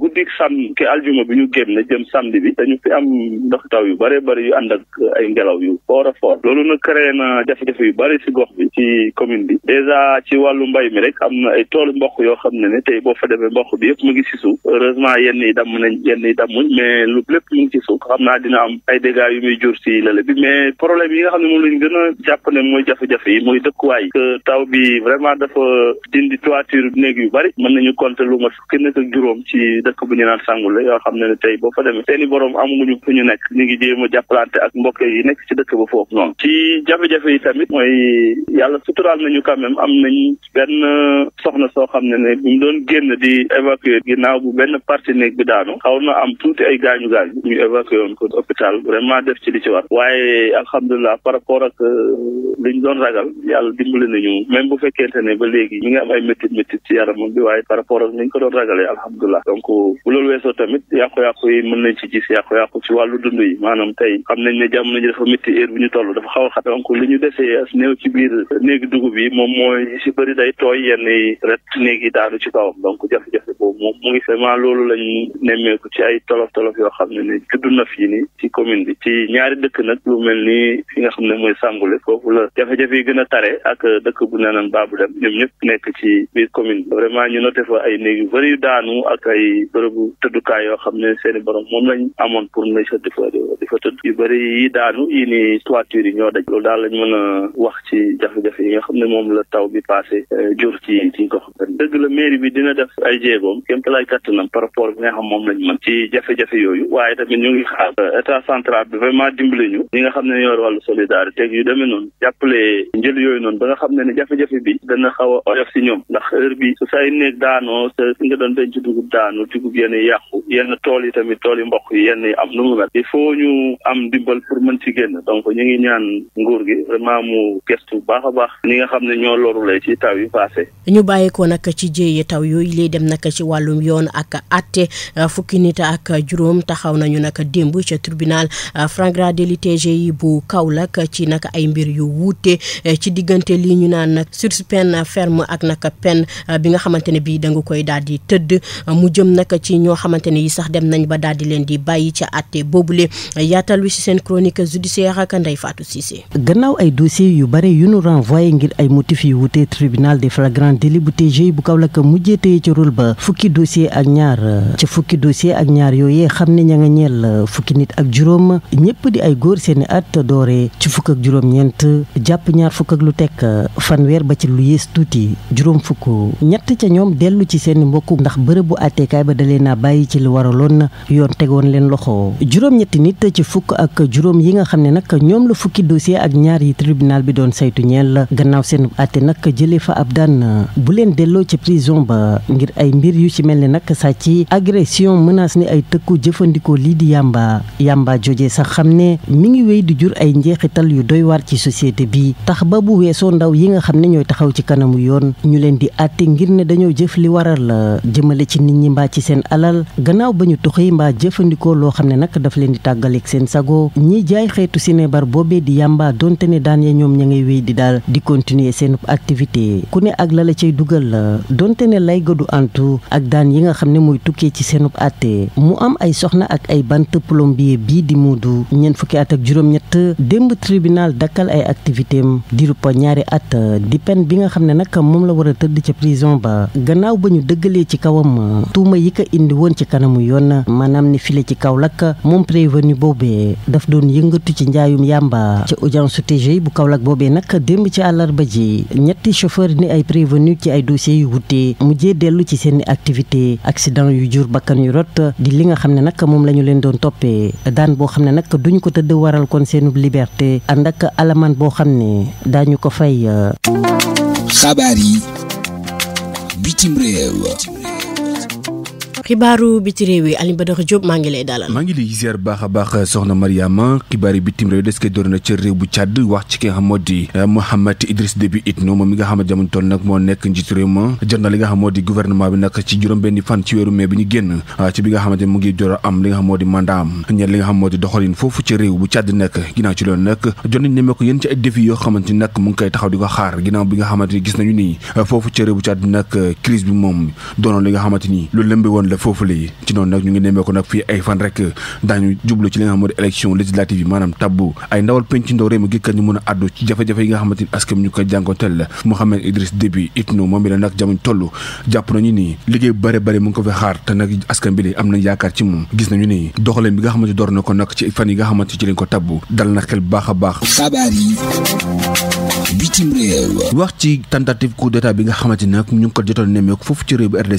dañu fi am ndox taw yu bëree bëri yu ànd ak ay ngelaw yu fort a fort loolu na créé na jafe-jafe yu bëri si gox bi ci commune bi dèjà ci wàllu mbay mi rek am na ay toolu mboq yoo xam ne ne tey boo fa demee mboq bi yëpp mu ngi si suuf heureusement yenn yi nañ yenn yi dammuñ mais lépp mu ngi si suuf xam naa dina am ay dégâts yu muy jur si lële bi mais problème yi nga xam ne moom lañ gën a jàpp ne mooy jafe yi mooy dëkkuwaay taw bi vraiment dafa dindi toiture néeg yu bëri mën nañu compter lu ma fukki nekk ak ci dëkk bu ñu naan sàngule yoo xam seeni borom amuñu fu ñu nekk ñu ngi jéem a jàppalante ak mbokk yi nekk ci dëkk ba foofu noonu ci jafe-jafe yi tamit mooy yàlla suturaal nañu quand même am nañ benn soxna soo xam ne ne bu mu doon génn di évacuer ginnaaw bu benn partie néeg bi daanu xaw na am tuuti ay gaañu gaañu ñu évacué woon ko hôpital vraiment def ci li ci war waaye alhamdulilah par rapport ak euh, ñu doon ragal yàlla dimbali nañu même bu fekkente ne ba léegi ñu ngi am ay métit métit ci yaramam bi waaye par rapport ak niñ ko doon ragalee alhamdulilah donc bu loolu weesoo yàqu-yàqu ci wàllu dund yi maanaam tey xam nañ ne jamono ji dafa métti heure bi ñu toll dafa xaw a xat lu li ñu desee as ci biir néegi dugub yi moom mooy si bëri day tooy yenn yi ret néeg daanu ci kawam donc jafe-jafe boobu moom mu ngi loolu lañ nemmeeku ci ay tolof tolof yoo xam ne ni na fii ni ci commune bi ci ñaari dëkk nag lu mel ni fi nga xam ne mooy Sàmbule foofu la jafe-jafe yi gën a tare ak dëkk bu nenam baabu dem ñoom ñëpp nekk ci biir commune vraiment ñu noté fa ay néeg yu bëri yu daanu ak ay bërëbu tëddukaay yoo xam ne seeni borom moom lañ am amoon pour mbéykat di fa di fa tëdd yu bëri yi daanu yi ni toiture yi ñoo daj loolu daal lañ mën a wax ci jafe-jafe yi nga xam ne moom la taw bi passé euh, jur ci ci gox dëgg la mairie bi dina def ay bi nga xam moom lañ mën ci jafe-jafe yooyu waaye tamit ñu ngi xaar euh, état central bi vraiment dimbali ñu ñi nga xam ne ñoo yor wàllu solidarité yu demee noonu jàppale njël yooyu noonu ba nga xam ne ne jafe-jafe bi dana xaw a oyof si ñoom ndax heure bi su say néeg daanoo sa nga doon denc dugub daanu dugub yenn yàqu ni am nu mu mel il faut ñu am dimbal pour mën ci génn donc ñu ngi ñaan nguur gi vraiment gestu baax a baax ñi nga xam ne ñoo lorule ci taw yi passé ñu bàyyeekoo nag ci jéeye taw yooyu lay dem nag ci wàllum yoon ak atte euh, fukki nit ak juróom taxaw nañu nag démb ca tribunal euh, flagrant délit TGI bu Kaolack ci nag ay mbir yu wuute euh, ci diggante lii ñu naan nag surpeine ferme ak nag peine bi nga xamante ne bii da koy daal tëdd mu jëm ci ñoo yi ca àtte boobule yaatal wi si seen chronique judiciaire ak Ndeye Fatou Cissé. gannaaw ay dossiers yu bare yu nu renvoyé ngir ay motifs yu wute tribunal de flagrants délits bu TGI bu Kaolack mujjee teye ca rôle ba fukki dossier ak ñaar ca fukki dossier ak ñaar yooyee xam ne ña nga ñeel fukki nit ak juróom ñëpp di ay góor seeni at doore ci fukk ak juróom-ñeent jàpp ñaar fukk ak lu tekk fanweer ba ci lu yées tuuti juróom fukk ñett ca ñoom dellu ci seeni mbokk loxo juróom-ñetti nit ci fukk ak juróom yi nga xam ne nag ñoom la fukki dossier ak ñaar yi tribunal bi doon saytu la gannaaw seen àtte nag jëlee fa ab daan bu leen delloo ci prison ba ngir ay mbir yu ci mel ne nag sax ci agression menace ni ay tëkku jëfandikoo lii di yàmba yàmba jooje sax xam ne mu ngi wéy di jur ay njeexital yu doy war ci société bi tax ba bu weesoo ndaw yi nga xam ne ñooy taxaw ci kanamu yoon ñu leen di àtte ngir ne dañoo jëf li waral jëmale ci nit ñi mbaa seen alal loo xam ne nag dafa leen di tàggaleeg seen sago ñi jaay xeetu sinébar boobee di yàmba donte ne daan ya ñoom ña ngay wéy di daal di continuer seen activité ku ne ak lala la cay dugal la donte ne lay gadu antu ak daan yi nga xam ne mooy tukkee ci seenub àtte mu am ay soxna ak ay bant plombier bii di muudu ñeent fukki at ak juróom-ñett démb tribunal dakkal ay activité di diru ñaari at di peine bi nga xam ne nag moom la war a tëdd ca prison ba gannaaw ba ñu dëggalee ci kawam tuuma yi ko indi woon ci kanamu yoon maanaam ne file Kaolack moom prévenu boobee daf doon yëngatu ci njaayum yàmba ci audience su bu Kaolack boobee nag démb ci àllarba ji ñetti chauffeur ni ay prévenu ci ay dossiers yu wutee mujjee dellu ci seeni activité accident yu jur bakkan yu rot di li nga xam ne nag moom la ñu leen doon toppee daan boo xam ne nag duñu ko tëdd waral kon seenub liberte ànd ak alamaan boo xam ne daañu ko fay xabaar yi bitim réew xibaaru biti réew yi Alioune Badara Diop maa ngi lay dalal. maa ngi lay ziar baax a baax soxna Mariama xibaari bitim réew des koy door ci eh, ne jamono toll nag moo nekk réew ah, a am li nga bu Tchad nekk ginnaaw ci loolu nag jot nañ nemee ko yéen ci ay défi yoo xamante ni mu ngi koy taxaw di ko xaar ginnaaw bi nga xamante gis nañu nii eh, foofu ci réew bu Tchad nag eh, crise bi moom doonoon li nga xamante ni lu lëmbe woon la foofu léegi ci noonu nag ñu ngi nemmeeku nag fii ay fan rek daañu jublu ci li nga xam ne élection yi maanaam tabbu ay ndawal penc ndaw réew mi gi kat ñu mën a àddu ci jafe-jafe yi nga xamante ni askan ñu ko jànkonteel la Mouhamed Idriss Déby Itno moom mi la nag jamono toll jàpp nañu ni liggéey bëri bare mu ngi ko fi xaar te nag askan bi li am nañ yaakaar ci moom gis nañu ni doxaleen bi nga xamante door na ko nag ci fan yi nga xamante ci ko tabbu dal na xel baax a baax bitim réew wax ci tentative coup d'état bi nga xamante ne nag ñu ngi ko jotoon nemmeeku foofu ci réew nag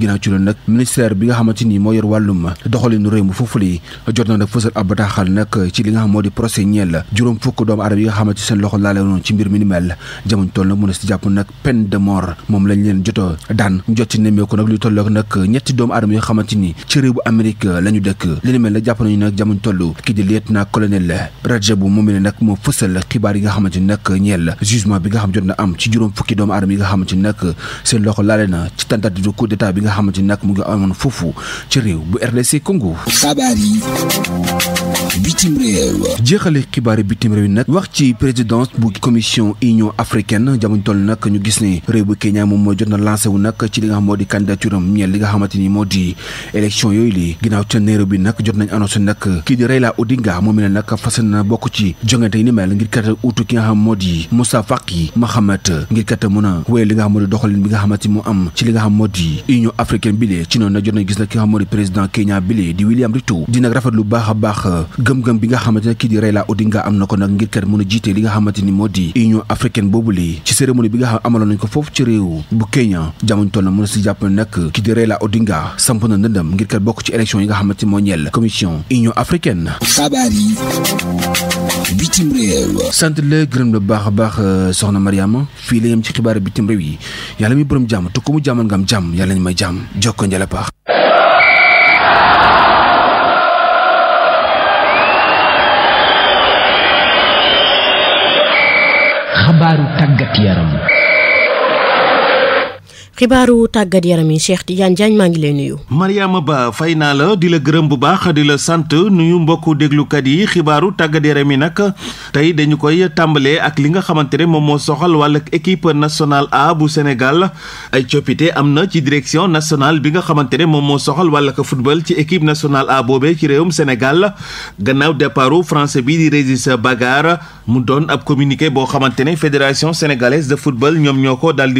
jotoon ci ni ci moo yor wàllum doxalinu a si jàpp nag peine de mort moom lañ leen joto daan jot ci nemmeeku nag lu tolloog nag ñetti doomu aadama yoo xamante ni ci réew bu Amérique la ñu dëkk li ni mel nag jàpp nañu nag jamono toll kii di lieutenant colonel Rajabu moom mi yi nga xamante ni nag ñeel jugement bi nga xam jot na am ci juróom fukki doomu aadama yi nga xamante ni nag seen loxo laale na ci tentative de coup bi nga xamante ni nag mu ngi amoon foofu ci réew bu RDC Congo. xabaar yi bitim réew. jeexale xibaari bitim réew nag wax ci présidence bu commission union africaine jamono toll nag ñu gis ni réew bu Kenya candidature am ñeel li nga xamante ni moo di yooyu lii ginnaaw ca Nairobi nag jot nañ am na ko nag ngir kat mën jiite li nga xamante ni moo di Union boobu lii ci cérémonie bi nga xam amaloon nañ ko foofu ci réew bu Kenya jamono na mën si jàpp nag nag ki di Raila Odinga samp na ndëndam ngir kat bokk ci élection yi nga xamante moo ñeel commission union africaine. xabaar yi bitim réew. sant la gërëm la baax a baax euh, soxna Mariama fii la yem ci xibaar bitim réew yi yàlla mi borom jàmm tukku mu jàmmal nga jàmm yàlla ñu may jàmm jokko njëla baax. xabaaru tàggat xibaaru tàggat yaram yi Cheikh ti Diagne maa ngi lay nuyu. Mariama Ba fay naa la di la gërëm bu baax di la sant nuyu mbokk déglukat yi xibaaru tàggat yaram yi nag tey dañu koy tàmbalee ak li nga xamante ne moom moo soxal wala équipe nationale A bu Sénégal ay coppite am na ci direction nationale bi nga xamante ne moom moo soxal wala football ci équipe nationale A boobee ci réewum Sénégal gannaaw départu français bi di Régis bagaar mu doon ab communiqué boo xamante ne fédération sénégalaise de football ñoom ñoo ko daal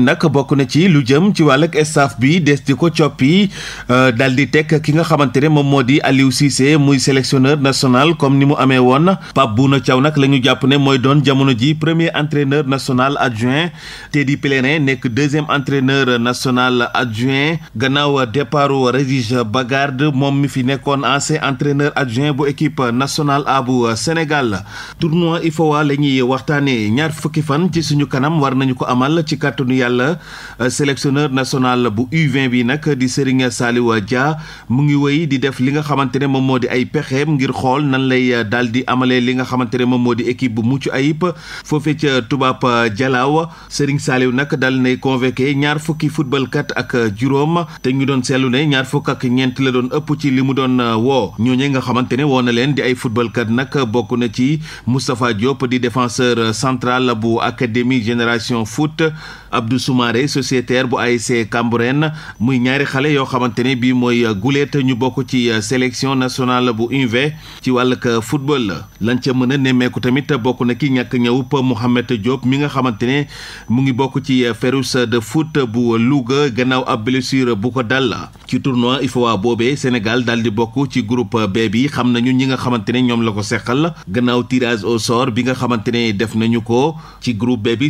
lim nag bokk na ci lu jëm ci wàllug staff bi des di ko coppi euh, daal di teg ki nga xamante ne moom moo di Aliou Cissé muy sélectionneur national comme ni mu amee woon Pape Bouna Thiaw nag la ñu jàpp ne mooy doon jamono ji premier entraîneur national adjoint Teddy Pellerin nekk deuxième entraîneur national adjoint gannaaw départu Régis Bagarde moom mi fi nekkoon ancien entraîneur adjoint bu équipe nationale A bu Sénégal tournoi IFOA la ñuy waxtaanee ñaar fukki fan ci suñu kanam war nañu ko amal ci kàttanu yàlla Diallo euh, sélectionneur national bu U20 bi nag di Serigne Saliou jaa mu ngi wéy di def li nga xamante ne moom moo di ay pexeem ngir xool nan lay euh, daal di amalee li nga xamante ne moom moo di équipe bu mucc ayib foofee ca tubaab euh, Jalaaw Serigne Saliou nag daal nay convoqué ñaar fukki footballkat ak juróom te ñu doon seetlu ne ñaar fukk ak ñeent la doon ëpp ci li mu doon woo ñoo ñooñu nga xamante ne woo na leen di ay futbalkat nag bokk na ci Moustapha Diop di défenseur central bu Abdou Soumaré sociétaire bu ASC Cambérène muy ñaari xale yoo xamante ne bii mooy guleet ñu bokk ci euh, sélection nationale bu UNV ci wàllug football la lan ca mën a nemmeeku tamit bokk na ki ñàkk ñëwup Mouhamed Diop mi nga xamante ne mu ngi bokk ci euh, Férouz de foot bu Louga gannaaw ab blessure bu ko dal ci tournoi UFOA boobee Sénégal daal di bokk ci groupe B bi xam nañu ñi nga xamante ne ñoom la ko seqal gannaaw tirage au sort bi nga xamante ne def nañu ko ci groupe B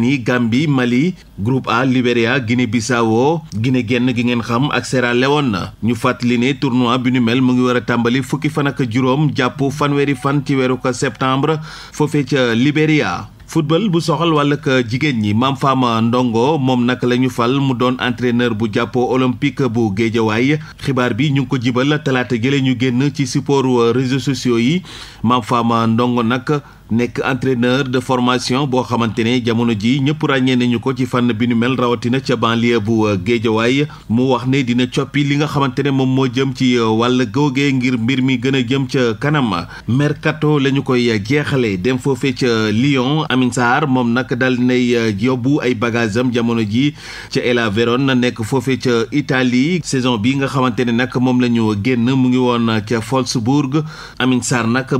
Mauritanie Gambie Mali groupe A Libéria Guinée Bissau Guinée genn gi ngeen xam ak Sierra na ñu fàttali ne tournoi bi nu mel mu ngi war a tàmbali fukki fanak juróom jàpp fanweeri fan ci weeru ko septembre foofee ca Libéria. football bu soxal wàll ak jigéen ñi maam Fama Ndongo moom nag la ñu fal mu doon entraîneur bu jàppoo olympique bu géejawaay xibaar bi ñu ngi ko jibal talaata jële ñu génn ci supportu réseau sociaux yi Mame Fama Ndongo nag nekk entraîneur de formation boo xamante ne jamono ji ñëpp ràññee nañu ko ci fànn bi nu mel rawatina ca banlieue bu euh, Géejawaay mu wax ne dina coppi li nga xamante ne moom moo jëm ci euh, wàll googee ngir mbir mi gën a jëm ca kanam mercato la ñu koy euh, jeexale dem foofee ca Lyon Amine Sarr moom nag dal nay yóbbu ay bagages am jamono ji ca Ela na nekk foofee ca Italie saison bi nga xamante ne nag moom la ñu génn mu ngi woon ca Wolfsburg Amine Sarr nag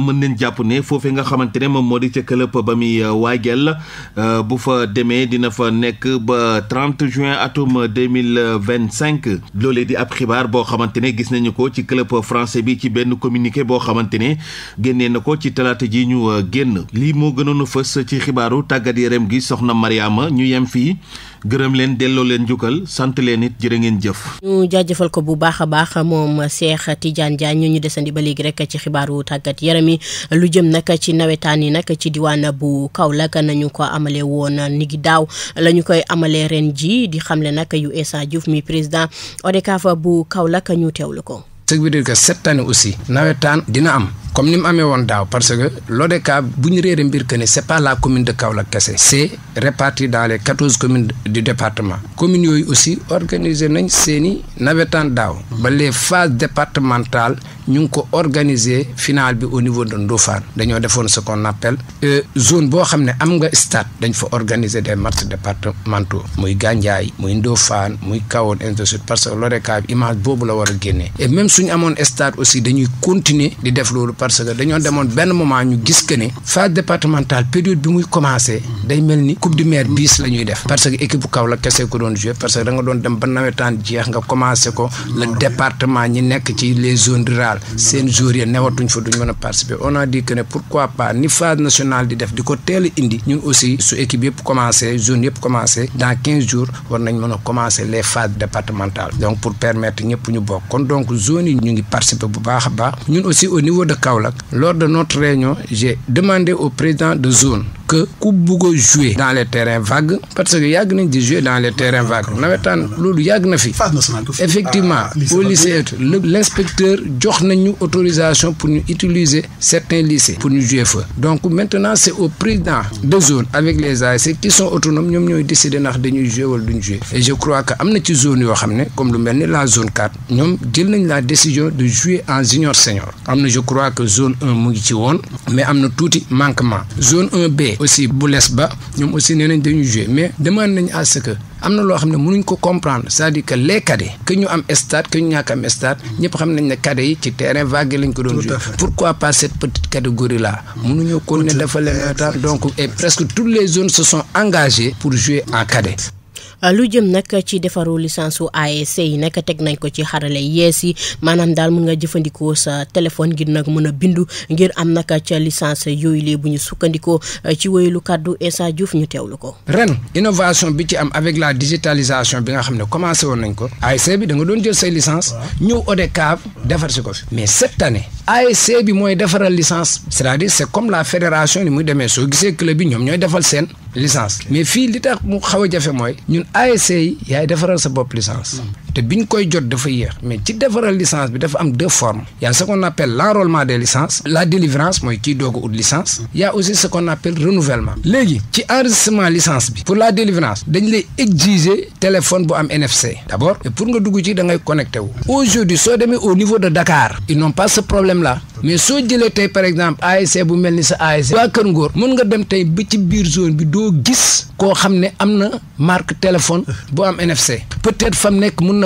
mën moo di ca club ba muy euh, waajal euh, bu fa demee dina fa nekk ba 30 juin atum cinq loolee di ab xibaar boo xamante ne gis nañu ko ci club francais bi ci benn communiqué boo xamante ne génnee na ko ci talaata ji ñu euh, génn lii moo gënoon a fës ci xibaaru tàggat yaram gi soxna Mariama ñu yem fii gërëm leen delloo leen njukkal sant leen it jërë ngeen jëf. ñu jaajëfal ko bu baax a baax moom Cheikh Tidiane Diagne ñu desandi ba léegi rek ci xibaaru tàggat yaram yi lu jëm nag ci nawetaan yi nag ci diwaan bu Kaolack nañu ko amale woon ni gi daaw la ñu koy amalee reen ji di xamle nag yu Essa Diouf mi président ODCAV bu Kaolack ñu teewlu ko. c'est-à-dire que année aussi nawetaan dina am. comme ni mu amee woon daaw parce que l'ODCAV bu ñu réere mbir que ne c'est pas la commune de Kaolack kese c'est réparti dans le quatorze communes du département communes yooyu aussi organiser nañ seeni nawetaan daaw ba les phases départementales ñu ngi ko organiser finale bi au niveau de Ndofane dañoo defoon ce qu'on appelle euh, zone boo xam ne am nga stade dañ fa organiser des matchs départementaux muy Gandiaye muy Ndofane muy Kahone ainsi de suite parce que l'ODCAV image boobu la war suñu amoon stade aussi dañuy continuer di def loolu parce que dañoo demoon benn moment ñu gis que ne phase départementale période bi muy commencé day mel ni coupe du maire biis la ñuy def parce que équipe bu Kaolack kese ko doon joué parce que da nga doon dem ko le département ñi nekk ci les zones rurales seen jours yi newatuñ fa duñ mën a participer on a dit que def di ko teel indi ñun aussi su équipe yëpp commencé zone yëpp commencé dans quinze jours war nañ mën a commencé les phases départementales donc pour permettre ñëpp ñu bokk kon donc zone yi ñu ngi participer bu baax a baax ñun aussi au niveau de Kaolack, lors de notre réunion, j'ai demandé au président de zone que ku bugg a jouer dans les terrains vagues parce que yàgg nañ di jouer dans les terrains vagues nawetaan loolu yàgg na fi effectivement au lycée l' inspecteur jox nañu autorisation pour ñu utiliser certains lycées pour ñu jouer fa donc maintenant c' au président de zone avec les ASC qui sont autonomes ñoom ñooy décidé nax dañu jouer wala duñ jouer je crois que am na ci zone yoo xam ne comme lu mel ni la zone 4 ñoom jël nañ la décision de jouer en junior senior am na je crois que zone mu ngi ci woon mais am na tuuti manquement zone aussi bu les ba ñoom aussi nee nañ dañuy jouer mais demande nañ à ce que am na loo xam ne mënuñ ko comprendre c'est-à-dire que les cadets que ñu am stade que ñu am stade ñëpp xam nañ ne cadets yi ci terrain vague lañ ko doon jouer pourquoi pas cette petite catégorie là mënuñoo kon ne dafa leen donc et presque toutes les zones se sont engagées pour jouer en cadet Euh, lu jëm nag ci defaru licence su ASC yi nag teg nañ ko ci xarale yees yi maanaam daal mun nga jëfandikoo sa téléphone ngir nag mun a bindu ngir am nag ca licence yooyu lee bu ñu sukkandikoo euh, ci wéyulu kàddu Essa Diouf ñu teewlu ko. ren innovation bi ci am avec la digitalisation bi nga xam ne commencé woon nañ ko. ASC bi da nga doon jël say licence ñëw ODCAV defar si ko fi. mais cette année. ASC bi mooy defaral licence. c'est-à-dire c'est comme la fédération ni muy demee soo gisee bi ñoom ñooy defal seen. licence mais fii li tax mu xaw a jafe mooy ñun ASC yi yaay defaral sa bopp licence mm. te biñ koy jot dafa yéex mais ci defaral licence bi dafa am deux formes y a ce qu'on appelle l'enrôlement la délivrance mooy kiy doog ut licence y aussi ce qu'on renouvellement léegi ci enregistrement licence bi pour la délivrance dañ lay exiger téléphone bu am NFC d'abord et pour nga dugg ci da ngay connecté wu aujourd'hui soo demee au niveau de Dakar ils n'ont pas ce problème là mais soo jëlee tey par exemple ASC bu mel ni sa s waa Kër Ngor mun nga dem tey ba biir zone bi doo gis koo xam ne am na marque téléphone bu am NFC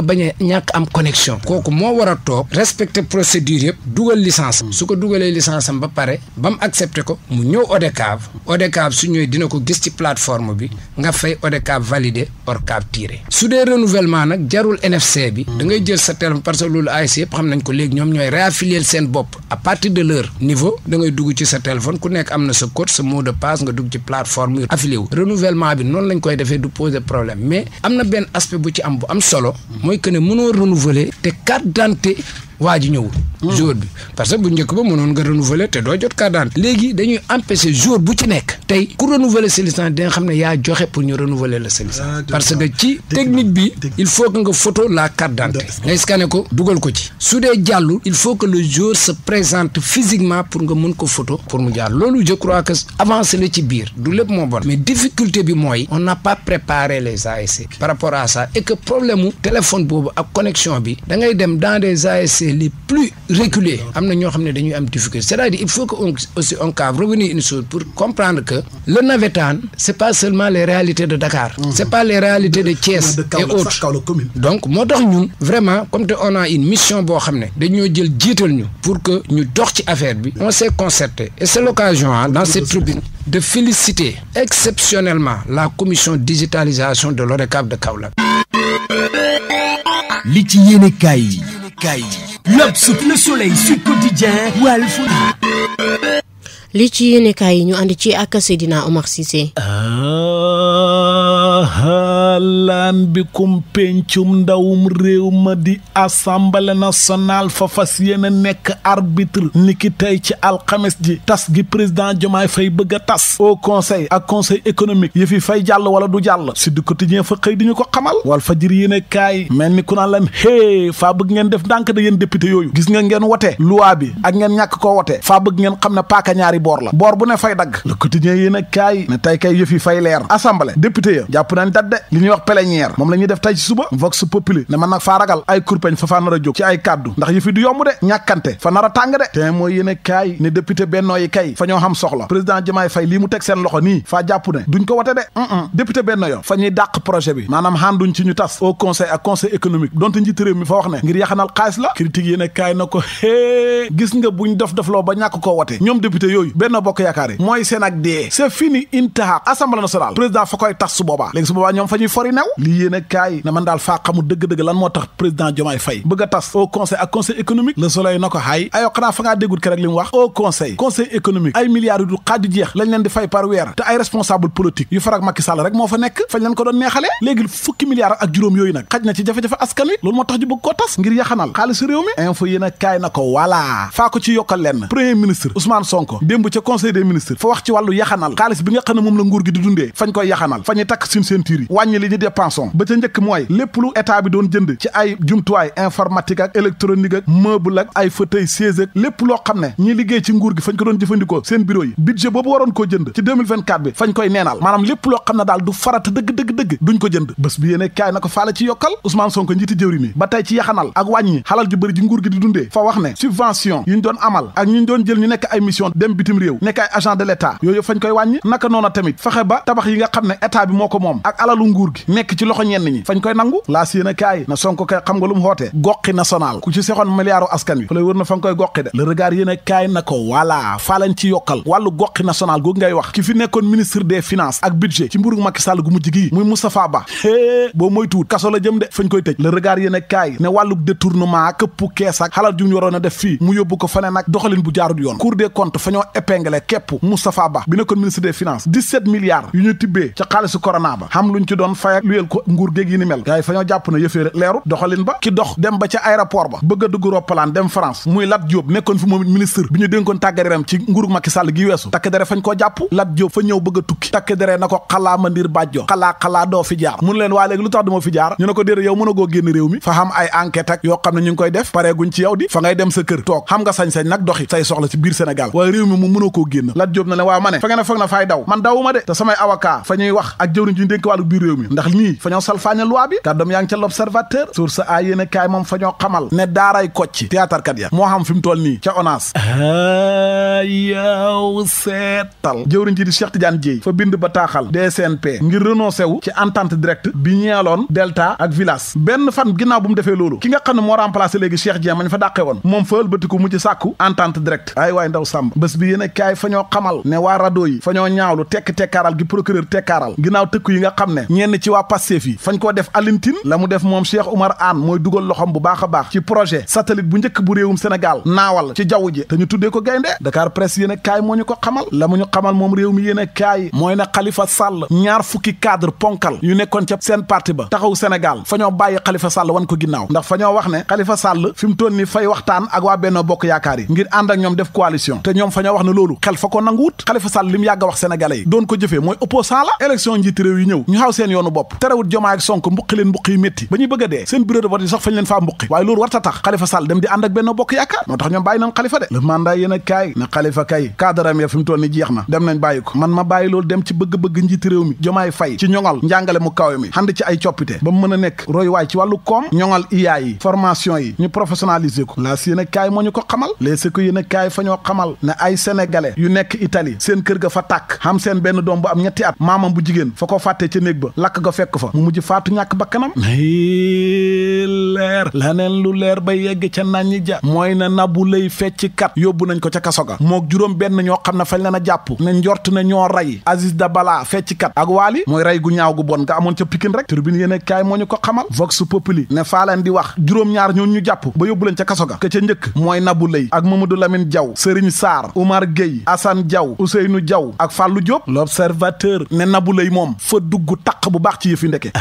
bañ a ñàkk am connexion kooku moo war a toog respecte procédure yëpp dugal licence su ko dugalee licence am ba pare ba mu accepté ko mu ñëw ODCAV ODCAV su ñëwee dina ko gis ci plateforme bi nga fay ODCAV validé ORCAV tiré su dee renouvellement nag jarul NFC bi da ngay jël sa terme parce que loolu ASC yëpp xam nañ ko léegi ñoom ñooy réaffilier seen bopp à partir de leur niveau da ngay dugg ci sa téléphone ku nekk am na sa code sa mot de passe nga dugg ci plateforme yu affilié bi noonu lañ koy defee du poser problème mais am na benn aspect bu ci am bu am solo mooy que ne mënoo renouveler te carte d'identité waa ji ñëwul. Hmm. jour bi parce que bu njëkk ba mënoon nga renouveler te doo jot carte d'identité léegi dañuy empêcher jour bu ci nekk. tey ku renouveler sa licence di nga xam ne yaa joxe pour ñu renouveler la sa licence. Ah, parce que ci technique bi. il faut que nga photo la carte d'identité. nga scanné ko dugal ko ci. su dee jàllul il faut que le jour se présente physiquement pour nga mën ko foto pour mu jaar loolu je crois que avance la ci biir du lépp moo bon. mais difficulté bi mooy. on n'a pas préparé les ASC. par rapport à ça et que problème mu boobu ak connexion bi da dem dans des les plus reculés am na ñoo xam ne dañuy am difficulté c'est-à-dire il faut que on aussi on cave revenir une chose pour comprendre que le navétane c'est pas seulement les réalité de Dakar mhm. c'est pas les réalités de Thiès et autres donc moo tax ñun vraiment comme te on a une mission boo xam ne dañoo jël jiital ñu pour que ñu dox ci affaire bi on s'est concerté et c'est l'occasion ah dans cette tribune de féliciter exceptionnellement la commission digitalisation de l'ODCAV de li ci yéene yi L'Obs, Le Soleil, Sud Quotidien, Walf. li ci yéenekaay yi ñu ànd ci ak Seydina Omar Cissé lan bikum pencum ndawum réew ma di assemblée nationale fa fas yéen a nekk arbitre niki tey ci alxames ji tas gi président Diomaye Faye bëgg a tas au conseil ak conseil économique yi fi fay jàll wala du jàll si du quotidien fa xëy di ko xamal wal fajiri yéen a kaay mel ni ku naan lan hé faa bëgg ngeen def ndànk da yéen député yooyu gis nga ngeen wote loi bi ak ngeen ñàkk koo wote faa bëgg ngeen xam ne paaka ñaari boor la boor bu ne fay dagg le quotidien a kaay ne tey kay yëf yi fay leer assemblée député ya jàpp nañ dadde li ñuy wax plénière moom la ñuy def tey ci suba vox populi ne man nag faa ragal ay kurpeñ fa faa nar a jóg ci ay kàddu ndax yëf yi du yomb de ñàkkante fa nar a tàng de te mooy a kaay ne député bennoo yi kay fa ñoo xam soxla président Diomaye fay lii mu teg seen loxo nii faa jàpp ne duñ ko wote de député benno yo fa ñuy dàq projet bi maanaam xànduñ ci ñu tas au conseil ak conseil économique donte njiit réew mi fa wax ne ngir yaxanal xaalis la critique yéen a kaay ko hee ñoom député yooyu benn bokk yaakaar yi mooy seen ak dee c'est fini intaha assemblée nationale président fa koy tas su boobaa léegi su boobaa ñoom fa ñuy fori new lii yéen a kaay na man daal faa xamu dëgg-dëgg lan moo tax président Diomaye Faye bëgg a tas au conseil ak conseil économique le soleil na ko xaay ayoo xanaa fa ngaa déggut kerek li mu wax au conseil conseil économique ay milliards yu du xaaju jeex lañ leen di fay par weer te ay responsable politique yu farak Macky Sall rek moo fa nekk fañ leen ko jafe-jafe askan wi loolu moo tax ñu a kaay na ko voilà démb ca conseil des ministres fa wax ci wàllu yaxanal xaalis bi nga xam ne moom la nguur gi di dundee fañ koy yaxanal fañuy takk suñ ceinture yi wàññi li ñu dépenson ba ca njëkk mooy lépp lu état bi doon jënd ci ay jumtuwaay informatique ak électronique ak meuble ak ay fauteuil siège ak lépp loo xam ne ñi liggéey ci nguur gi fañ ko doon jëfandikoo seen bureau yi budget boobu waroon koo jënd ci 2024 bi fañ koy neenal maanaam lépp loo xam ne daal du farata ko jënd bés bi yéene kaay na ko ji nguur gi di dundee fa wax ne subvention yuñ doon amal ak ñuñ doon jël ñu nekk ay mission bitim réew nekk ay agent de l'état yooyu fañ koy wàññi naka noona tamit fexe ba tabax yi nga xam ne état bi moo ko moom ak alalu nguur gi nekk ci loxo ñenn ñi fañ koy nangu laa si yéen kaay na Sonko kay xam nga lu mu xootee goqi national ku ci sexoon milliardu askan wi fa lay wër na fa nga koy goqi de le regard kaay na ko voilà faa lañ ci yokkal wàllu goqi national googu ngay wax ki fi nekkoon ministre des finances ak budget ci mburu Macky Sall gu mujj gii muy Moustapha Ba é boo moytuwut kaso la jëm de fañ koy tëj le regard yéen kaay ne wàllu détournement këpp kees ak xalal ju waroon a def mu yóbbu ko fane nag doxalin bu jaarut yoon cour épinglé képp Moustapha Ba bi nekkoon ministre des finances 17 milliards yu ñu tibbee ca xaalisu corona ba xam luñ ci doon fay ak luyel ko nguur géeg yi ni mel gars yi fa ñoo jàpp na yëfee leerut doxalin ba ki dox dem ba ca aéroport ba bëgg a dugg roppalaan dem France muy Lat Diop nekkoon fi moom ministre bi ñu dénkoon tàggat yaram ci nguuru Macky Sall gi weesu takk dere fañ koo jàpp Lat Diop fa ñëw bëgg a tukki takk dere na ko xalaa ma ndir bàjjo xalaa xalaa doo fi jaar mun leen lu tax ma fi jaar ñu ne ko déedéet yow mën a goo génn réew mi fa xam ay yoo xam ne ñu ngi koy def pareeguñ ci yow di fa ngay dem sa kër xam nga sañ-sañ nag doxi say soxla ci biir Sénégal waaye moom mënoo koo génn Lat Diop na leen waaw ma ne fa ngeen a foog na faay daw man dawuma de te samay avocat fa wax ak jëwriñ ju dénk wàllu biir réew mi ndax nii fa ñoo salfaañe loi bi kàddoom yaa ngi ca l'observateur sur sa ay yéen kaay moom fa ñoo xamal ne daaray kocc théâtre kat ya moo xam fi mu toll nii ca ONAS yow seetal jëwriñ ji di Cheikh Tidiane Dièye fa bind bataaxal DCNP ngir renoncé wu ci entente directe bi ñeeloon Delta ak Villas benn fan ginnaaw bu mu defee loolu ki nga xam ne moo remplacé léegi Cheikh Dièye mañ fa dàqe woon moom fa ëlbatiku mu ci sàkku entente directe ay waay ndaw sàmb bés bi yéen a kaay fa ñoo xamal ne waa rado yi fa ñoo ñaawlu tekk tekkaaral gi procureur tekkaaral ginnaaw tëkk yi nga xam ne ñenn ci waa Pastef yi fañ koo def alintin la mu def moom Cheikh Oumar Anne mooy dugal loxom bu baax a baax ci projet satelit bu njëkk bu réewum Sénégal naawal ci jaww ji te ñu tuddee ko gaynde Dakar Presse yéen kaay moo ñu ko xamal la mu ñu xamal moom réew mi yéen a mooy na Khalifa Sall ñaar fukki cadre ponkal yu nekkoon ca seen parti ba taxaw Sénégal fa ñoo bàyyi Khalifa Sall wan ko ginnaaw ndax fa wax ne Khalifa fi mu toon ni fay waxtaan Bokk Yaakaar yi ngir ànd ñoom def coalition te ñoom na loolu xel fa ko nanguwut Khalifa Sall li mu yàgg a wax sénégalais yi doon ko jëfee mooy opposant la élection njiiti yi ñëw ñu xaw seen yoonu bopp terewut Diomaye ak Sonko mbuqi leen mbuq yi métti ba ñuy bëgg dee seen bureau de vote yi sax fañ leen faa mbuqi waaye loolu warta tax Khalifa Sall dem di ànd ak benn bokk yaakaar moo tax ñoom bàyyi nañ Khalifa de le mandat yéen na Khalifa kay kaadaram ya fi mu toll ni jeex na dem nañ bàyyi ko man ma bàyyi a nekk roy waay ci wàllu koom ñoŋal ko a kaay moo ñu ko xamal les ko sénégalais yu nekk Italie seen kër ga fa tàkk xam seen benn doom bu am ñetti at maamam bu jigéen fa ko fàtte ca néeg ba lakk ga fekk fa mu mujj faatu ñàkk ba bakkanam leer laneen lu leer ba yegg ca naññi ja mooy na nabu lay fecc kat yóbbu nañ ko ca kaso ga mook juróom benn ñoo xam ne fañ leen a jàpp ne njort ne ñoo rey Aziz Dabala fecc kat ak waali mooy rey gu ñaaw gu bon ga amoon ca Pikine rek turbine yéen kaay moo ñu ko xamal vox populi ne faa leen di wax juróom ñu jàpp yóbbu leen ca kaso ga ka njëkk mooy nabu lay ak Mamadou Lamine Diaw Serigne Sarr Omar Gueye Assane Diaw Ousseynou Diaw ak Fallou Diop l'observateur ne Nabou Leye moom fa dugg taq bu baax ci yëfi ndeke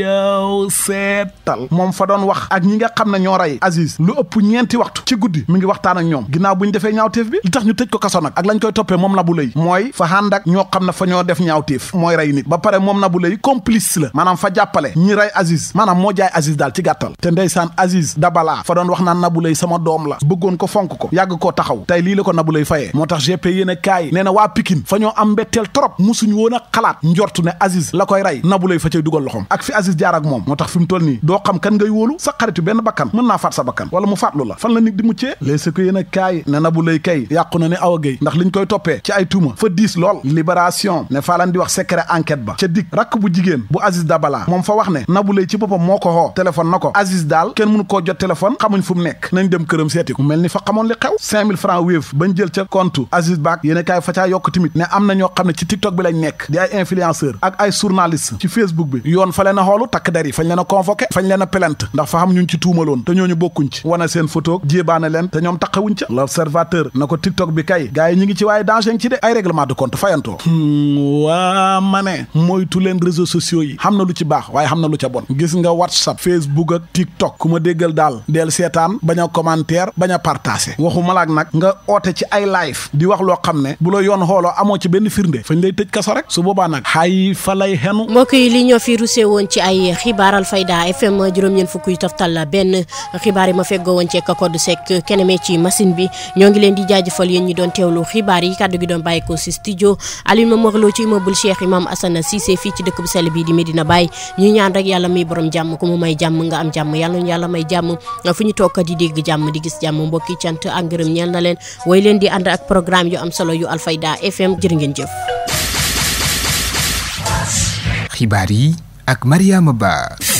yow seetal moom fa doon wax ak ñi nga xam ne ñoo rey Aziz lu ëpp ñeenti waxtu ci guddi mu ngi waxtaan ak ñoom ginnaaw bu ñu defee ñaawteef bi li tax ñu tëj ko kaso nag ak lañ koy toppee moom Nabou Leye mooy fa ànd ñoo xam ne fa ñoo def ñaawteef mooy rey nit ba pare moom Nabou Leye complice la maanaam fa jàppale ñi rey Aziz maanaam moo jaay Aziz ci gàttal te ndeysaan Aziz Dabala fa wax naan Nabou sama doom la bëggoon ko fonk ko yàgg koo taxaw tey lii la ko nabu lay fayee moo tax gp yéen a kaay nee na waa Pikine fa ñoo am mbetteel trop musuñu woon na xalaat njortu ne Aziz la koy rey nabu lay fa cay dugal loxom ak fi Aziz jaar moom moo tax fi mu toll nii doo xam kan ngay wóolu sa xaritu benn bakkan mën naa faat sa bakkan wala mu faatlu la fan la nit di muccee léeg si ko yéen a ne nabu lay kay yàqu na ne awa géy ndax liñ koy toppee ci ay tuuma fa diis lool libération ne faa lan di wax secret enquête ba bu jigéen bu Aziz Dabala moom fa wax ne nabu lay ci boppam moo ko xoo na ko Aziz daal koo jot téléphone xamuñ fu mu nekk nañ dem këram ku mel ni fa xamoon li franc wave bañ jël ca compte Aziz Baak yéen a yokk tamit ne am na ñoo xam ne ci TikTok bi lañ nekk di ay influenceur ak ay journaliste ci Facebook bi yoon fa leen a xoolu takk der yi fañ leen a convoqué fañ leen a plainte ndax fa xam ñun ci tuumaloon te ñooñu bokkuñ ci wane seen photo jéebaane leen te ñoom taqawuñ ca l'observateur na ko TikTok bi kay gars ñi ngi ci waaye danger ci de ay règlement de fayantoo hmm, waa ma ne moytu leen réseaux sociaux lu ci baax waaye xam na lu ca bon gis nga WhatsApp Facebook ak TikTok ku ma daal del seetaan bañ a commentaire bañ a partagé waxuma laak nga oote ci ay live di wax loo xam ne bu la yoon xooloo amoo ci benn firnde fañ lay tëj kaso rek su boobaa nag xay fa lay xenu mbokk yi li ñoo fi rusee woon ci ay xibaar Alfayda FM juróom-ñeen fukk yu toftal la benn xibaar yi ma feggoo woon ci Kakodou Seck keneme ci machine bi ñoo ngi leen di jaajëfal yéen ñi doon teewlu xibaar yi kàddu gi doon bàyyi ko si studio Alioune Momar Lo ci immeuble Cheikh Imam Assane Cissé fii ci dëkk bu sell bi di Medina Baye ñu ñaan rek yàlla muy borom jàmm ku mu may jàmm nga am jàmm yàlla ñu yàlla may jàmm fu di dégg jàmm di gis leen leen di ànd ak programme yu am solo yu Alfayda FM jërë ngeen jëf. xibaar yi ak Mariama Ba.